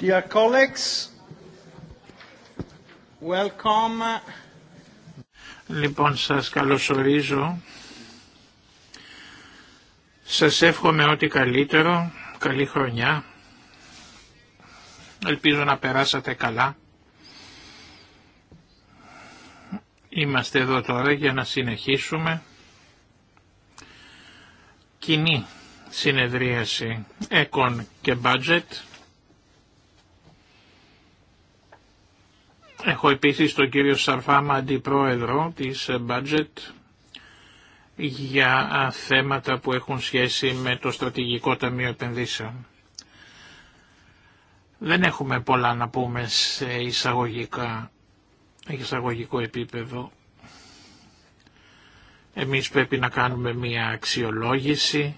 Dear colleagues, welcome. Λοιπόν, σας καλωσορίζω. Σας εύχομαι ό,τι καλύτερο, καλή χρονιά. Ελπίζω να περάσατε καλά. Είμαστε εδώ τώρα για να συνεχίσουμε κοινή συνεδρίαση Econ και Budget Έχω επίσης τον κύριο Σαρφάμα αντιπρόεδρο της Budget για θέματα που έχουν σχέση με το Στρατηγικό Ταμείο Επενδύσεων. Δεν έχουμε πολλά να πούμε σε εισαγωγικά, εισαγωγικό επίπεδο. Εμείς πρέπει να κάνουμε μία αξιολόγηση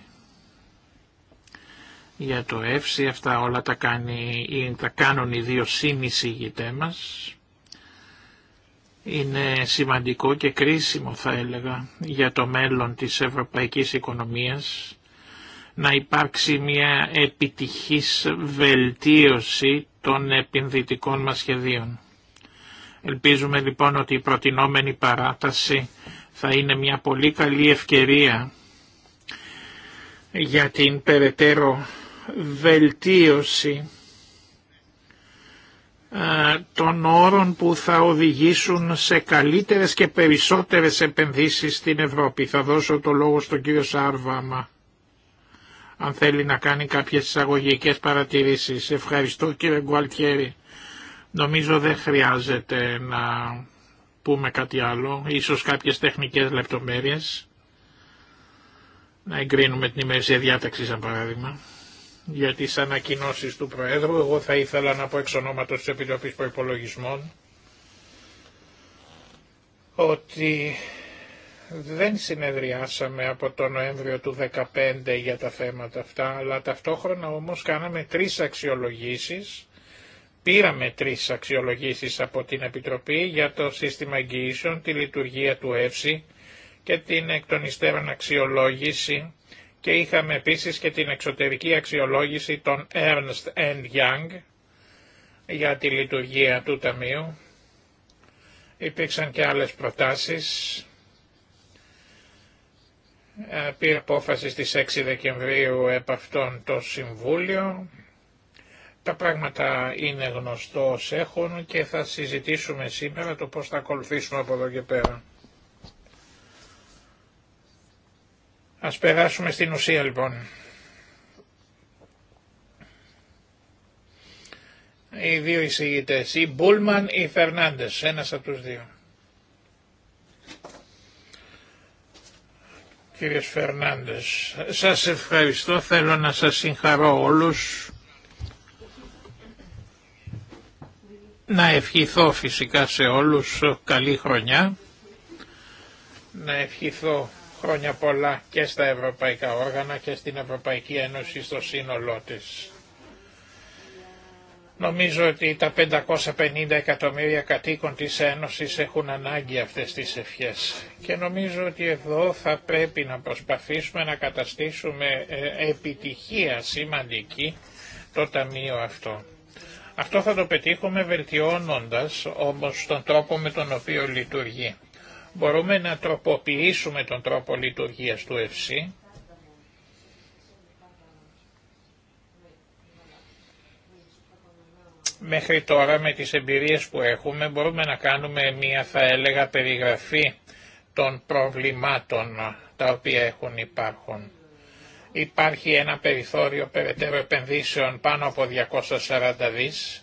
για το ΕΦΣΙ. Αυτά όλα τα, κάνει, τα κάνουν οι δύο συνεισηγητές μας είναι σημαντικό και κρίσιμο θα έλεγα για το μέλλον της ευρωπαϊκής οικονομίας να υπάρξει μια επιτυχής βελτίωση των επενδυτικών μας σχεδίων. Ελπίζουμε λοιπόν ότι η προτινόμενη παράταση θα είναι μια πολύ καλή ευκαιρία για την περαιτέρω βελτίωση ε, των όρων που θα οδηγήσουν σε καλύτερες και περισσότερες επενδύσεις στην Ευρώπη. Θα δώσω το λόγο στον κύριο Σάρβαμα αν θέλει να κάνει κάποιες εισαγωγικέ παρατηρήσεις. Ευχαριστώ κύριε Γκουαλτιέρη. Νομίζω δεν χρειάζεται να πούμε κάτι άλλο, ίσως κάποιες τεχνικές λεπτομέρειες. Να εγκρίνουμε την ημερησία διάταξη σαν παράδειγμα για τις ανακοινώσεις του Προέδρου. Εγώ θα ήθελα να πω εξ ονόματος της Επιτροπής Προϋπολογισμών ότι δεν συνεδριάσαμε από το Νοέμβριο του 2015 για τα θέματα αυτά, αλλά ταυτόχρονα όμως κάναμε τρεις αξιολογήσεις, πήραμε τρεις αξιολογήσεις από την Επιτροπή για το σύστημα εγγυήσεων, τη λειτουργία του ΕΦΣΥ και την εκ των υστέρων αξιολόγηση και είχαμε επίσης και την εξωτερική αξιολόγηση των Ernst Young για τη λειτουργία του Ταμείου. Υπήρξαν και άλλες προτάσεις. Ε, πήρε απόφαση στις 6 Δεκεμβρίου επ' αυτόν το Συμβούλιο. Τα πράγματα είναι γνωστό έχουν και θα συζητήσουμε σήμερα το πώς θα ακολουθήσουμε από εδώ και πέρα. Ας περάσουμε στην ουσία λοιπόν. Οι δύο εισηγητές, η Μπούλμαν ή η Φερνάντες, ένας από τους δύο. Κύριε Φερνάντες, σας ευχαριστώ, θέλω να σας συγχαρώ όλους. Να ευχηθώ φυσικά σε όλους καλή χρονιά. Να ευχηθώ Χρόνια πολλά και στα ευρωπαϊκά όργανα και στην Ευρωπαϊκή Ένωση στο σύνολό της. Νομίζω ότι τα 550 εκατομμύρια κατοίκων της Ένωσης έχουν ανάγκη αυτές τις ευχές και νομίζω ότι εδώ θα πρέπει να προσπαθήσουμε να καταστήσουμε ε, επιτυχία σημαντική το Ταμείο αυτό. Αυτό θα το πετύχουμε βελτιώνοντας όμως τον τρόπο με τον οποίο λειτουργεί. Μπορούμε να τροποποιήσουμε τον τρόπο λειτουργίας του FC. μέχρι τώρα με τις εμπειρίες που έχουμε μπορούμε να κάνουμε μια θα έλεγα περιγραφή των προβλημάτων τα οποία έχουν υπάρχουν. Υπάρχει ένα περιθώριο περαιτέρω επενδύσεων πάνω από 240 δις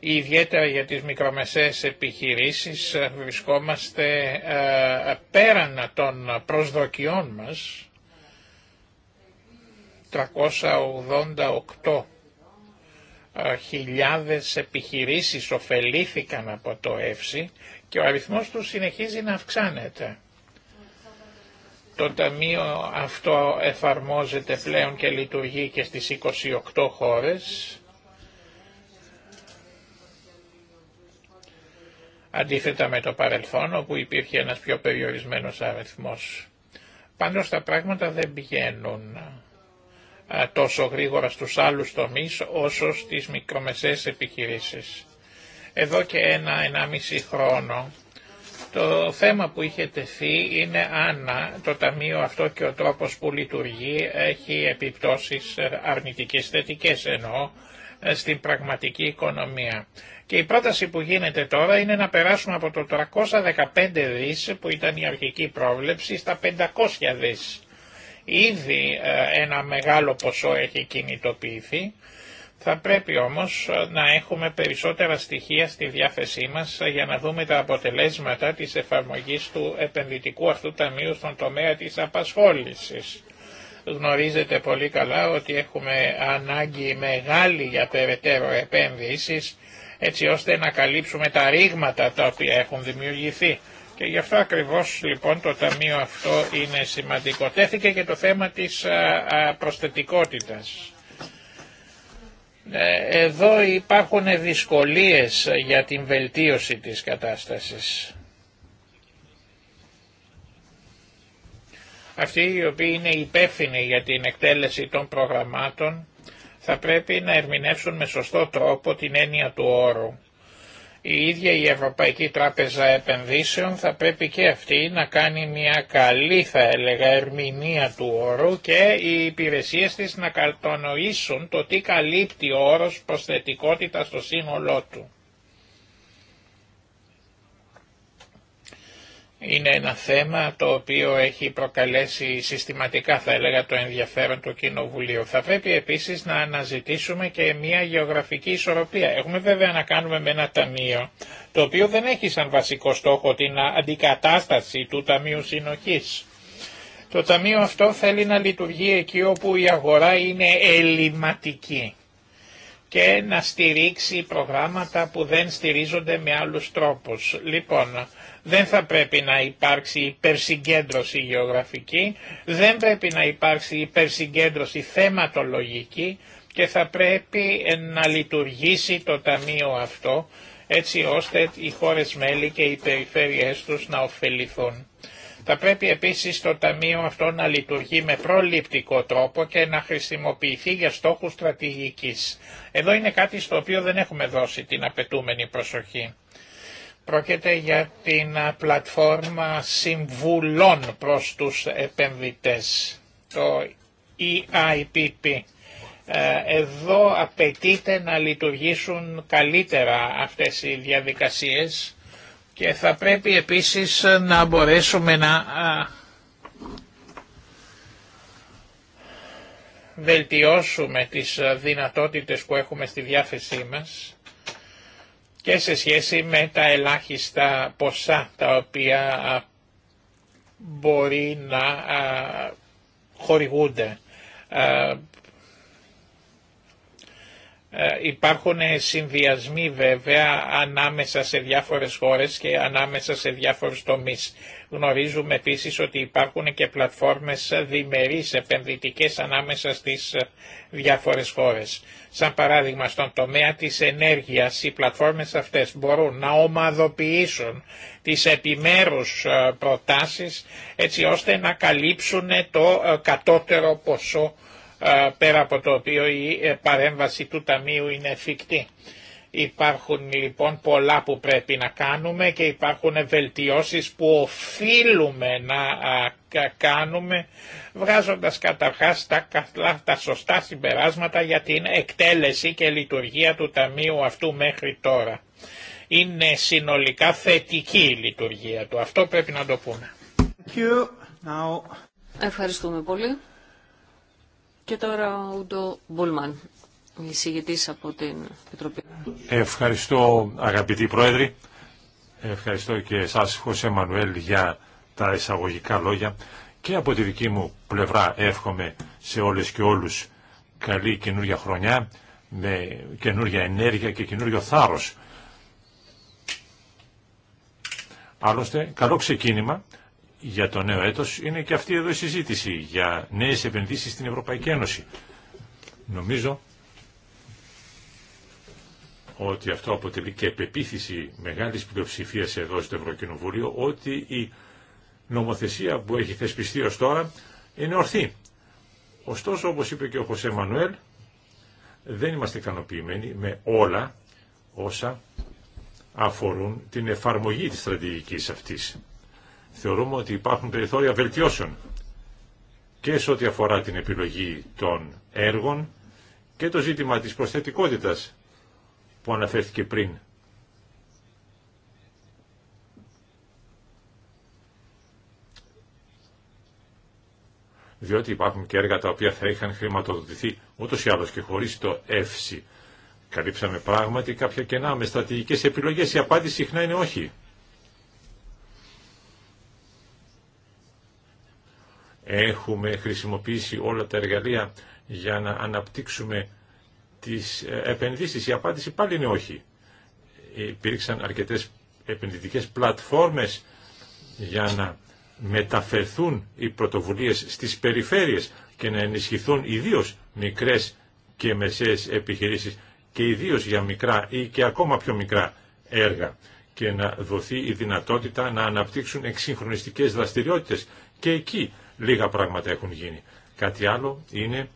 ιδιαίτερα για τις μικρομεσαίες επιχειρήσεις ε, βρισκόμαστε ε, πέραν των προσδοκιών μας 388.000 χιλιάδες επιχειρήσεις ωφελήθηκαν από το ΕΦΣΥ και ο αριθμός του συνεχίζει να αυξάνεται. Το Ταμείο αυτό εφαρμόζεται πλέον και λειτουργεί και στις 28 χώρες αντίθετα με το παρελθόν όπου υπήρχε ένας πιο περιορισμένος αριθμός. Πάνω τα πράγματα δεν πηγαίνουν τόσο γρήγορα στους άλλους τομείς όσο στις μικρομεσαίες επιχειρήσεις. Εδώ και ένα, ενάμιση χρόνο το θέμα που είχε τεθεί είναι αν το Ταμείο αυτό και ο τρόπος που λειτουργεί έχει επιπτώσεις αρνητικές θετικές εννοώ ε, στην πραγματική οικονομία. Και η πρόταση που γίνεται τώρα είναι να περάσουμε από το 315 δις που ήταν η αρχική πρόβλεψη στα 500 δις. Ήδη ε, ένα μεγάλο ποσό έχει κινητοποιηθεί. Θα πρέπει όμως ε, να έχουμε περισσότερα στοιχεία στη διάθεσή μας για να δούμε τα αποτελέσματα της εφαρμογής του επενδυτικού αυτού ταμείου στον τομέα της απασχόλησης. Γνωρίζετε πολύ καλά ότι έχουμε ανάγκη μεγάλη για περαιτέρω επένδυση έτσι ώστε να καλύψουμε τα ρήγματα τα οποία έχουν δημιουργηθεί. Και γι' αυτό ακριβώς λοιπόν το Ταμείο αυτό είναι σημαντικό. Τέθηκε και το θέμα της προσθετικότητας. Ε, εδώ υπάρχουν δυσκολίες για την βελτίωση της κατάστασης. Αυτοί οι οποίοι είναι υπεύθυνοι για την εκτέλεση των προγραμμάτων θα πρέπει να ερμηνεύσουν με σωστό τρόπο την έννοια του όρου. Η ίδια η Ευρωπαϊκή Τράπεζα Επενδύσεων θα πρέπει και αυτή να κάνει μια καλή θα έλεγα ερμηνεία του όρου και οι υπηρεσίες της να κατανοήσουν το τι καλύπτει ο όρος προσθετικότητα στο σύνολό του. Είναι ένα θέμα το οποίο έχει προκαλέσει συστηματικά θα έλεγα το ενδιαφέρον του Κοινοβουλίου. Θα πρέπει επίσης να αναζητήσουμε και μια γεωγραφική ισορροπία. Έχουμε βέβαια να κάνουμε με ένα ταμείο το οποίο δεν έχει σαν βασικό στόχο την αντικατάσταση του Ταμείου Συνοχής. Το ταμείο αυτό θέλει να λειτουργεί εκεί όπου η αγορά είναι ελληματική και να στηρίξει προγράμματα που δεν στηρίζονται με άλλους τρόπους. Λοιπόν, δεν θα πρέπει να υπάρξει υπερσυγκέντρωση γεωγραφική, δεν πρέπει να υπάρξει υπερσυγκέντρωση θεματολογική και θα πρέπει να λειτουργήσει το Ταμείο αυτό έτσι ώστε οι χώρες μέλη και οι περιφέρειές τους να ωφεληθούν. Θα πρέπει επίσης το Ταμείο αυτό να λειτουργεί με προληπτικό τρόπο και να χρησιμοποιηθεί για στόχους στρατηγικής. Εδώ είναι κάτι στο οποίο δεν έχουμε δώσει την απαιτούμενη προσοχή. Πρόκειται για την πλατφόρμα συμβουλών προς τους επενδυτές, το EIPP. Ε, εδώ απαιτείται να λειτουργήσουν καλύτερα αυτές οι διαδικασίες και θα πρέπει επίσης να μπορέσουμε να βελτιώσουμε τις δυνατότητες που έχουμε στη διάθεσή μας και σε σχέση με τα ελάχιστα ποσά τα οποία μπορεί να χορηγούνται ε, υπάρχουν συνδυασμοί βέβαια ανάμεσα σε διάφορες χώρες και ανάμεσα σε διάφορους τομείς. Γνωρίζουμε επίσης ότι υπάρχουν και πλατφόρμες διμερείς επενδυτικές ανάμεσα στις ε, διάφορες χώρες. Σαν παράδειγμα στον τομέα της ενέργειας οι πλατφόρμες αυτές μπορούν να ομαδοποιήσουν τις επιμέρους ε, προτάσεις έτσι ώστε να καλύψουν το κατώτερο ποσό πέρα από το οποίο η ε, παρέμβαση του Ταμείου είναι εφικτή. Υπάρχουν λοιπόν πολλά που πρέπει να κάνουμε και υπάρχουν βελτιώσεις που οφείλουμε να κάνουμε βγάζοντας καταρχάς τα, τα σωστά συμπεράσματα για την εκτέλεση και λειτουργία του Ταμείου αυτού μέχρι τώρα. Είναι συνολικά θετική η λειτουργία του. Αυτό πρέπει να το πούμε. Ευχαριστούμε πολύ. Και τώρα ο Ούντο Μπούλμαν, εισηγητή από την Επιτροπή. Ευχαριστώ αγαπητή Πρόεδρη. Ευχαριστώ και εσάς Χωσέ Μανουέλ για τα εισαγωγικά λόγια. Και από τη δική μου πλευρά εύχομαι σε όλες και όλους καλή καινούργια χρονιά με καινούργια ενέργεια και καινούργιο θάρρος. Άλλωστε, καλό ξεκίνημα για το νέο έτος είναι και αυτή εδώ η συζήτηση για νέες επενδύσεις στην Ευρωπαϊκή Ένωση. Νομίζω ότι αυτό αποτελεί και επεποίθηση μεγάλης πλειοψηφίας εδώ στο Ευρωκοινοβούλιο ότι η νομοθεσία που έχει θεσπιστεί ως τώρα είναι ορθή. Ωστόσο, όπως είπε και ο Χωσέ Μανουέλ, δεν είμαστε ικανοποιημένοι με όλα όσα αφορούν την εφαρμογή της στρατηγικής αυτής θεωρούμε ότι υπάρχουν περιθώρια βελτιώσεων και σε ό,τι αφορά την επιλογή των έργων και το ζήτημα της προσθετικότητας που αναφέρθηκε πριν. Διότι υπάρχουν και έργα τα οποία θα είχαν χρηματοδοτηθεί ούτως ή άλλως και χωρίς το εύση. Καλύψαμε πράγματι κάποια κενά με στρατηγικές επιλογές. Η απάντηση συχνά είναι όχι. Έχουμε χρησιμοποιήσει όλα τα εργαλεία για να αναπτύξουμε τις ε, επενδύσεις. Η απάντηση πάλι είναι όχι. Υπήρξαν αρκετές επενδυτικές πλατφόρμες για να μεταφερθούν οι πρωτοβουλίες στις περιφέρειες και να ενισχυθούν ιδίως μικρές και μεσαίες επιχειρήσεις και ιδίως για μικρά ή και ακόμα πιο μικρά έργα και να δοθεί η δυνατότητα να αναπτύξουν εξυγχρονιστικές δραστηριότητες. Και εκεί λίγα πράγματα έχουν γίνει. Κάτι άλλο είναι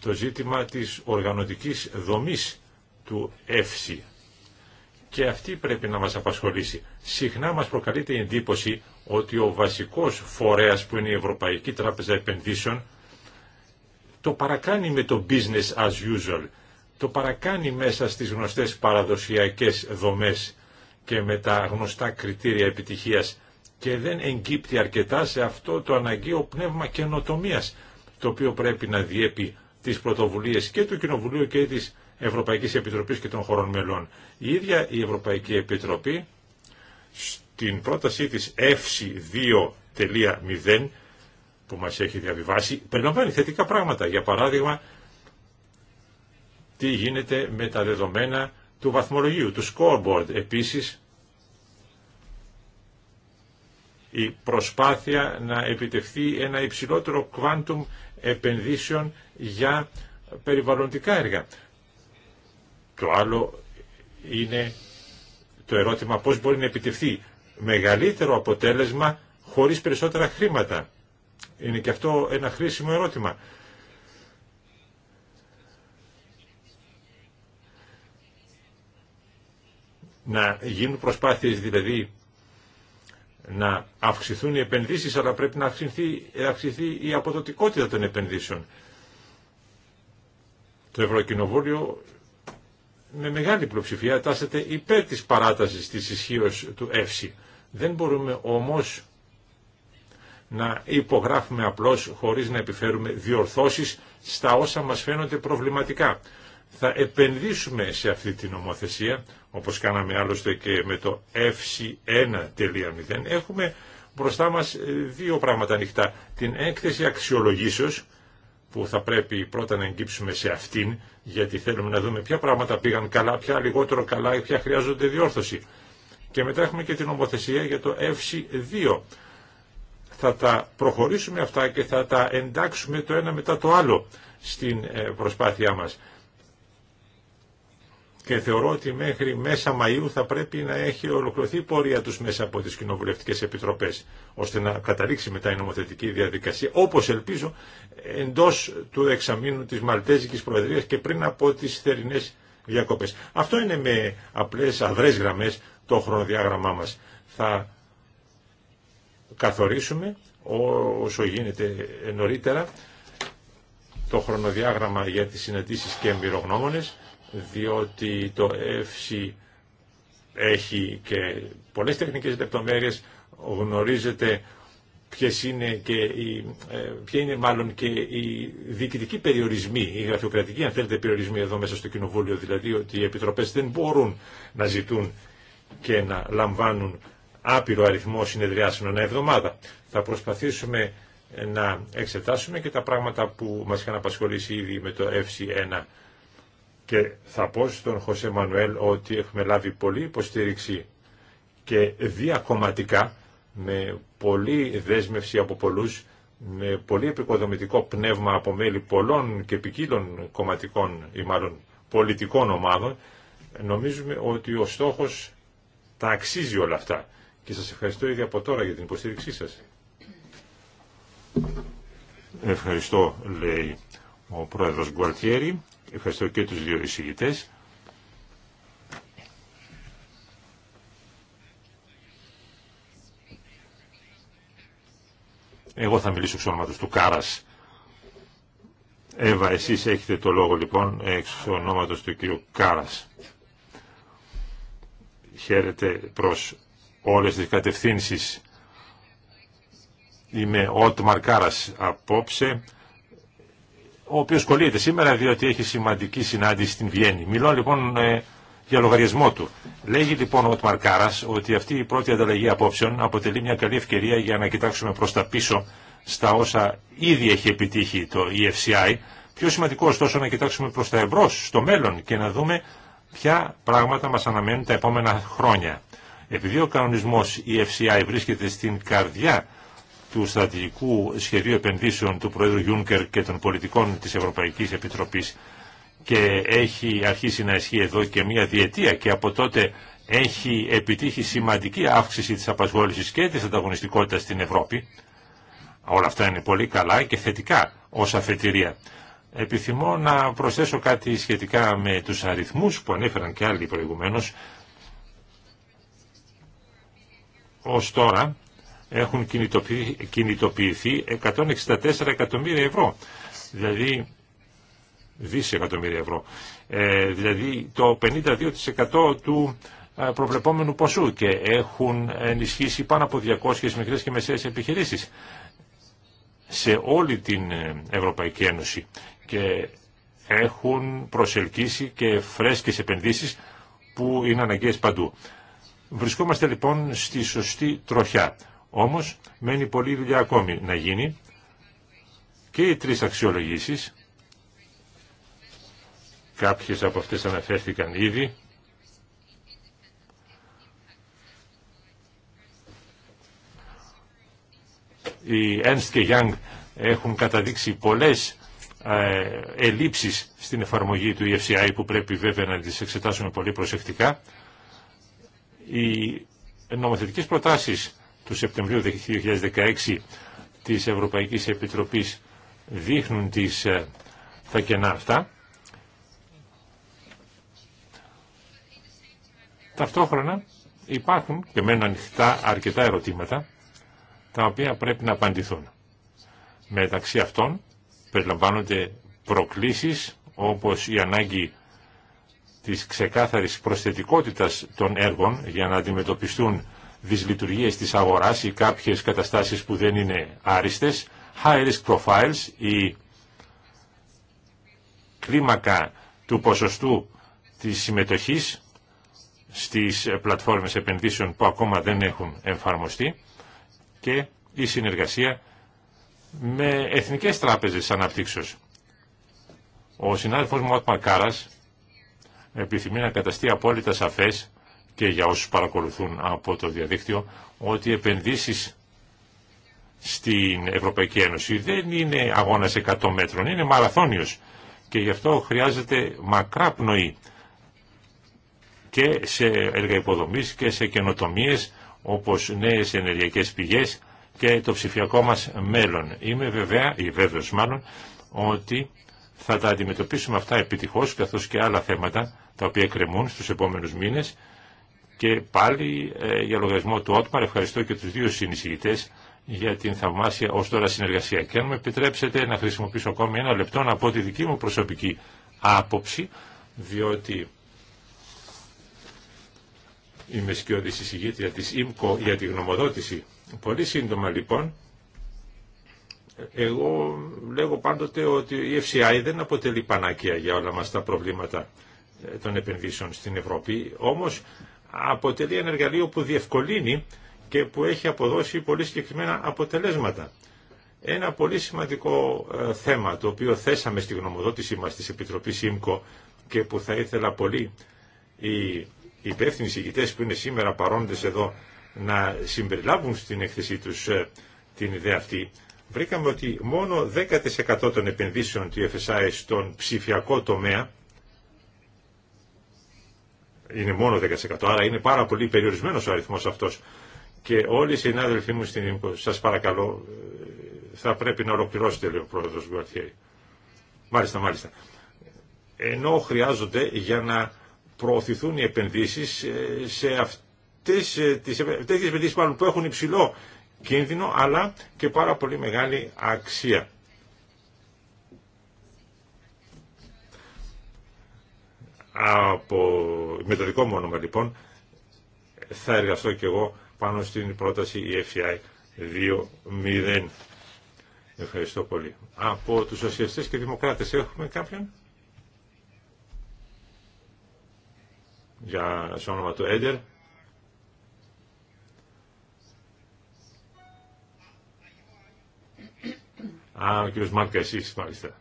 το ζήτημα της οργανωτικής δομής του ΕΦΣΙ. Και αυτή πρέπει να μας απασχολήσει. Συχνά μας προκαλείται η εντύπωση ότι ο βασικός φορέας που είναι η Ευρωπαϊκή Τράπεζα Επενδύσεων το παρακάνει με το business as usual. Το παρακάνει μέσα στις γνωστές παραδοσιακές δομές και με τα γνωστά κριτήρια επιτυχίας και δεν εγκύπτει αρκετά σε αυτό το αναγκαίο πνεύμα καινοτομία, το οποίο πρέπει να διέπει τι πρωτοβουλίε και του Κοινοβουλίου και τη Ευρωπαϊκή Επιτροπή και των χωρών μελών. Η ίδια η Ευρωπαϊκή Επιτροπή στην πρότασή της ΕΦΣΙ 2.0 που μας έχει διαβιβάσει περιλαμβάνει θετικά πράγματα. Για παράδειγμα, τι γίνεται με τα δεδομένα του βαθμολογίου, του scoreboard. Επίσης, η προσπάθεια να επιτευχθεί ένα υψηλότερο κβάντουμ επενδύσεων για περιβαλλοντικά έργα. Το άλλο είναι το ερώτημα πώς μπορεί να επιτευχθεί μεγαλύτερο αποτέλεσμα χωρίς περισσότερα χρήματα. Είναι και αυτό ένα χρήσιμο ερώτημα. Να γίνουν προσπάθειες δηλαδή να αυξηθούν οι επενδύσεις, αλλά πρέπει να αυξηθεί, ε, αυξηθεί η αποδοτικότητα των επενδύσεων. Το Ευρωκοινοβούλιο με μεγάλη πλειοψηφία τάσεται υπέρ της παράτασης της ισχύω του ΕΦΣΥ. Δεν μπορούμε όμως να υπογράφουμε απλώς χωρίς να επιφέρουμε διορθώσεις στα όσα μας φαίνονται προβληματικά. Θα επενδύσουμε σε αυτή την νομοθεσία όπως κάναμε άλλωστε και με το FC 1.0, έχουμε μπροστά μας ε, δύο πράγματα ανοιχτά. Την έκθεση αξιολογήσεως, που θα πρέπει πρώτα να εγκύψουμε σε αυτήν, γιατί θέλουμε να δούμε ποια πράγματα πήγαν καλά, ποια λιγότερο καλά ή ποια χρειάζονται διόρθωση. Και μετά έχουμε και την ομοθεσία για το fc 2. Θα τα προχωρήσουμε αυτά και θα τα εντάξουμε το ένα μετά το άλλο στην ε, προσπάθειά μας και θεωρώ ότι μέχρι μέσα Μαΐου θα πρέπει να έχει ολοκληρωθεί η πορεία τους μέσα από τις κοινοβουλευτικές επιτροπές, ώστε να καταλήξει μετά η νομοθετική διαδικασία, όπως ελπίζω, εντός του εξαμήνου της Μαλτέζικης Προεδρίας και πριν από τις θερινές διακοπές. Αυτό είναι με απλές αδρές γραμμές το χρονοδιάγραμμά μας. Θα καθορίσουμε όσο γίνεται νωρίτερα το χρονοδιάγραμμα για τις συναντήσεις και εμπειρογνώμονες διότι το ΕΦΣΙ έχει και πολλές τεχνικές λεπτομέρειες, γνωρίζετε ποιες είναι και οι, ε, είναι μάλλον και οι διοικητικοί περιορισμοί, οι γραφειοκρατικοί αν θέλετε περιορισμοί εδώ μέσα στο Κοινοβούλιο, δηλαδή ότι οι επιτροπές δεν μπορούν να ζητούν και να λαμβάνουν άπειρο αριθμό συνεδριάσεων ανά εβδομάδα. Θα προσπαθήσουμε να εξετάσουμε και τα πράγματα που μας είχαν απασχολήσει ήδη με το FC1 και θα πω στον Χωσέ Μανουέλ ότι έχουμε λάβει πολλή υποστήριξη και διακομματικά με πολλή δέσμευση από πολλούς, με πολύ επικοδομητικό πνεύμα από μέλη πολλών και ποικίλων κομματικών ή μάλλον πολιτικών ομάδων, νομίζουμε ότι ο στόχος τα αξίζει όλα αυτά. Και σας ευχαριστώ ήδη από τώρα για την υποστήριξή σας. Ευχαριστώ, λέει ο πρόεδρος Γκουαλτιέρη. Ευχαριστώ και τους δύο εισηγητές. Εγώ θα μιλήσω εξ ονόματος του Κάρας. Εύα, εσείς έχετε το λόγο λοιπόν εξ ονόματος του κύριου Κάρας. Χαίρετε προς όλες τις κατευθύνσεις. Είμαι Ότμαρ Κάρας απόψε ο οποίος κολλείται σήμερα διότι έχει σημαντική συνάντηση στην Βιέννη. Μιλώ λοιπόν ε, για λογαριασμό του. Λέγει λοιπόν ο Τμαρκάρας ότι αυτή η πρώτη ανταλλαγή απόψεων αποτελεί μια καλή ευκαιρία για να κοιτάξουμε προς τα πίσω στα όσα ήδη έχει επιτύχει το EFCI. Πιο σημαντικό ωστόσο να κοιτάξουμε προς τα εμπρός, στο μέλλον και να δούμε ποια πράγματα μας αναμένουν τα επόμενα χρόνια. Επειδή ο κανονισμός EFCI βρίσκεται στην καρδιά του στρατηγικού σχεδίου επενδύσεων του Προέδρου Γιούνκερ και των πολιτικών της Ευρωπαϊκής Επιτροπής και έχει αρχίσει να ισχύει εδώ και μία διετία και από τότε έχει επιτύχει σημαντική αύξηση της απασχόλησης και της ανταγωνιστικότητας στην Ευρώπη. Όλα αυτά είναι πολύ καλά και θετικά ως αφετηρία. Επιθυμώ να προσθέσω κάτι σχετικά με τους αριθμούς που ανέφεραν και άλλοι προηγουμένως. Ως τώρα έχουν κινητοποιηθεί 164 εκατομμύρια ευρώ, δηλαδή δισεκατομμύρια ευρώ, ε, δηλαδή το 52% του ε, προβλεπόμενου ποσού και έχουν ενισχύσει πάνω από 200 μικρές και μεσαίες επιχειρήσεις σε όλη την ε, Ευρωπαϊκή Ένωση και έχουν προσελκύσει και φρέσκες επενδύσεις που είναι αναγκαίες παντού. Βρισκόμαστε λοιπόν στη σωστή τροχιά. Όμως μένει πολλή δουλειά ακόμη να γίνει και οι τρεις αξιολογήσεις, κάποιες από αυτές αναφέρθηκαν ήδη, οι Ernst και Young έχουν καταδείξει πολλές ε, ελλείψεις στην εφαρμογή του EFCI που πρέπει βέβαια να τις εξετάσουμε πολύ προσεκτικά. Οι νομοθετικές προτάσεις του Σεπτεμβρίου 2016 της Ευρωπαϊκής Επιτροπής δείχνουν τις, ε, τα κενά αυτά. Ταυτόχρονα υπάρχουν και μένουν ανοιχτά αρκετά ερωτήματα τα οποία πρέπει να απαντηθούν. Μεταξύ αυτών περιλαμβάνονται προκλήσεις όπως η ανάγκη της ξεκάθαρης προσθετικότητας των έργων για να αντιμετωπιστούν δυσλειτουργίες της αγοράς ή κάποιες καταστάσεις που δεν είναι άριστες, high risk profiles, η κλίμακα του ποσοστού της συμμετοχής στις πλατφόρμες επενδύσεων που ακόμα δεν έχουν εμφαρμοστεί και η συνεργασία με εθνικές τράπεζες αναπτύξεως. Ο συνάδελφος μου πακάρας επιθυμεί να καταστεί απόλυτα σαφές και για όσους παρακολουθούν από το διαδίκτυο ότι οι επενδύσεις στην Ευρωπαϊκή Ένωση δεν είναι αγώνας 100 μέτρων, είναι μαραθώνιος και γι' αυτό χρειάζεται μακρά πνοή και σε έργα υποδομής και σε καινοτομίες όπως νέες ενεργειακές πηγές και το ψηφιακό μας μέλλον. Είμαι βέβαια, ή βέβαιος μάλλον, ότι θα τα αντιμετωπίσουμε αυτά επιτυχώς καθώς και άλλα θέματα τα οποία κρεμούν στους επόμενους μήνες και πάλι ε, για λογαριασμό του Ότμαρ ευχαριστώ και τους δύο συνεισηγητές για την θαυμάσια ως τώρα συνεργασία. Και αν με επιτρέψετε να χρησιμοποιήσω ακόμη ένα λεπτό να πω τη δική μου προσωπική άποψη, διότι είμαι σκιώδης συζηγήτρια της ΙΜΚΟ για τη γνωμοδότηση. Πολύ σύντομα λοιπόν, εγώ λέγω πάντοτε ότι η FCI δεν αποτελεί πανάκια για όλα μας τα προβλήματα ε, των επενδύσεων στην Ευρώπη, όμως αποτελεί ένα εργαλείο που διευκολύνει και που έχει αποδώσει πολύ συγκεκριμένα αποτελέσματα. Ένα πολύ σημαντικό ε, θέμα το οποίο θέσαμε στη γνωμοδότησή μας της Επιτροπής ΥΜΚΟ και που θα ήθελα πολύ οι υπεύθυνοι συγκητές που είναι σήμερα παρόντες εδώ να συμπεριλάβουν στην έκθεσή τους ε, την ιδέα αυτή. Βρήκαμε ότι μόνο 10% των επενδύσεων του FSI στον ψηφιακό τομέα είναι μόνο 10%. Άρα είναι πάρα πολύ περιορισμένος ο αριθμός αυτός. Και όλοι οι συνάδελφοί μου στην ΕΜΚΟ, σας παρακαλώ, ε, θα πρέπει να ολοκληρώσετε, λέει ο πρόεδρος Γουαρθιέρη. Μάλιστα, μάλιστα. Ενώ χρειάζονται για να προωθηθούν οι επενδύσεις ε, σε αυτές ε, τις επενδύσεις που έχουν υψηλό κίνδυνο αλλά και πάρα πολύ μεγάλη αξία. Από, με το δικό μου όνομα λοιπόν θα εργαστώ και εγώ πάνω στην πρόταση EFI 2.0. Ευχαριστώ πολύ. Από τους Σοσιαστέ και δημοκράτες έχουμε κάποιον. Για στο όνομα του Έντερ. Α, ο κ. Μάρκα, εσείς μάλιστα.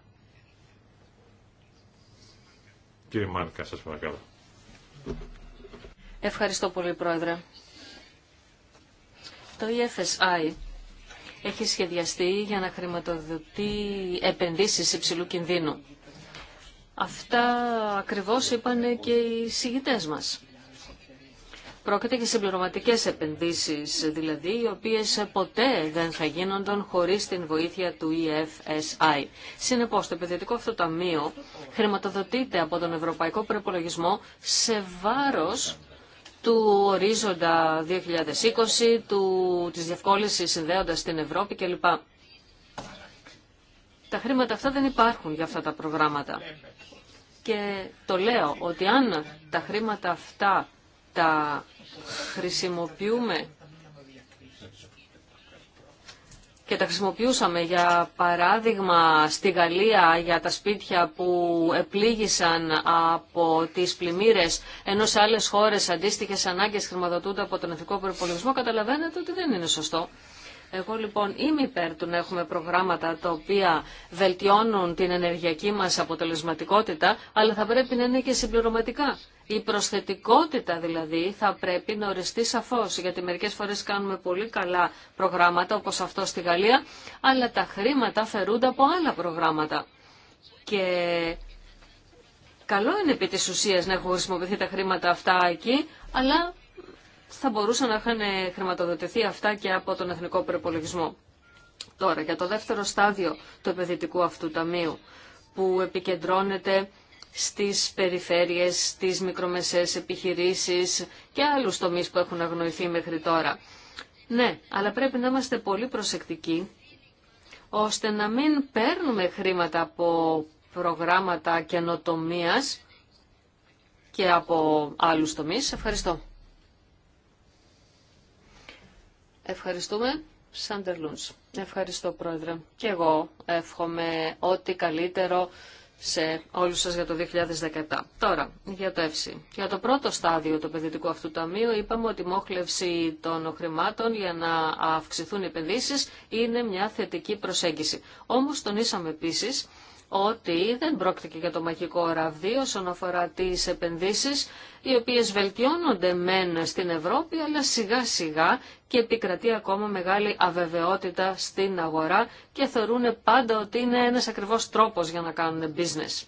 Κύριε Μάρκα, σας παρακαλώ. Ευχαριστώ πολύ, Πρόεδρε. Το EFSI έχει σχεδιαστεί για να χρηματοδοτεί επενδύσεις υψηλού κινδύνου. Αυτά ακριβώς είπαν και οι συγητές μας. Πρόκειται για συμπληρωματικέ επενδύσεις δηλαδή, οι οποίες ποτέ δεν θα γίνονταν χωρίς την βοήθεια του EFSI. Συνεπώς, το επενδυτικό αυτό ταμείο χρηματοδοτείται από τον Ευρωπαϊκό Προπολογισμό σε βάρος του ορίζοντα 2020, του, της συνδέοντα συνδέοντας την Ευρώπη κλπ. Τα χρήματα αυτά δεν υπάρχουν για αυτά τα προγράμματα. Και το λέω ότι αν τα χρήματα αυτά τα χρησιμοποιούμε και τα χρησιμοποιούσαμε για παράδειγμα στη Γαλλία για τα σπίτια που επλήγησαν από τις πλημμύρες ενώ σε άλλες χώρες αντίστοιχες ανάγκες χρηματοδοτούνται από τον εθνικό προπολογισμό καταλαβαίνετε ότι δεν είναι σωστό. Εγώ λοιπόν είμαι υπέρ του να έχουμε προγράμματα τα οποία βελτιώνουν την ενεργειακή μας αποτελεσματικότητα, αλλά θα πρέπει να είναι και συμπληρωματικά. Η προσθετικότητα δηλαδή θα πρέπει να οριστεί σαφώς, γιατί μερικές φορές κάνουμε πολύ καλά προγράμματα όπως αυτό στη Γαλλία, αλλά τα χρήματα φερούνται από άλλα προγράμματα. Και καλό είναι επί της ουσίας να έχουν χρησιμοποιηθεί τα χρήματα αυτά εκεί, αλλά θα μπορούσαν να είχαν χρηματοδοτηθεί αυτά και από τον Εθνικό Προπολογισμό. Τώρα, για το δεύτερο στάδιο του επενδυτικού αυτού ταμείου, που επικεντρώνεται στις περιφέρειες, στις μικρομεσαίες επιχειρήσεις και άλλους τομείς που έχουν αγνοηθεί μέχρι τώρα. Ναι, αλλά πρέπει να είμαστε πολύ προσεκτικοί, ώστε να μην παίρνουμε χρήματα από προγράμματα καινοτομίας και από άλλους τομείς. Ευχαριστώ. Ευχαριστούμε. Σάντερ Λούνς. Ευχαριστώ Πρόεδρε. Και εγώ εύχομαι ό,τι καλύτερο σε όλους σας για το 2017. Τώρα, για το ΕΦΣΥ. Για το πρώτο στάδιο του παιδιτικού αυτού ταμείου είπαμε ότι η μόχλευση των χρημάτων για να αυξηθούν οι επενδύσεις είναι μια θετική προσέγγιση. Όμως τονίσαμε επίσης ότι δεν πρόκειται και για το μαγικό ραβδί όσον αφορά τις επενδύσεις, οι οποίες βελτιώνονται μεν στην Ευρώπη, αλλά σιγά σιγά και επικρατεί ακόμα μεγάλη αβεβαιότητα στην αγορά και θεωρούν πάντα ότι είναι ένας ακριβώς τρόπος για να κάνουν business.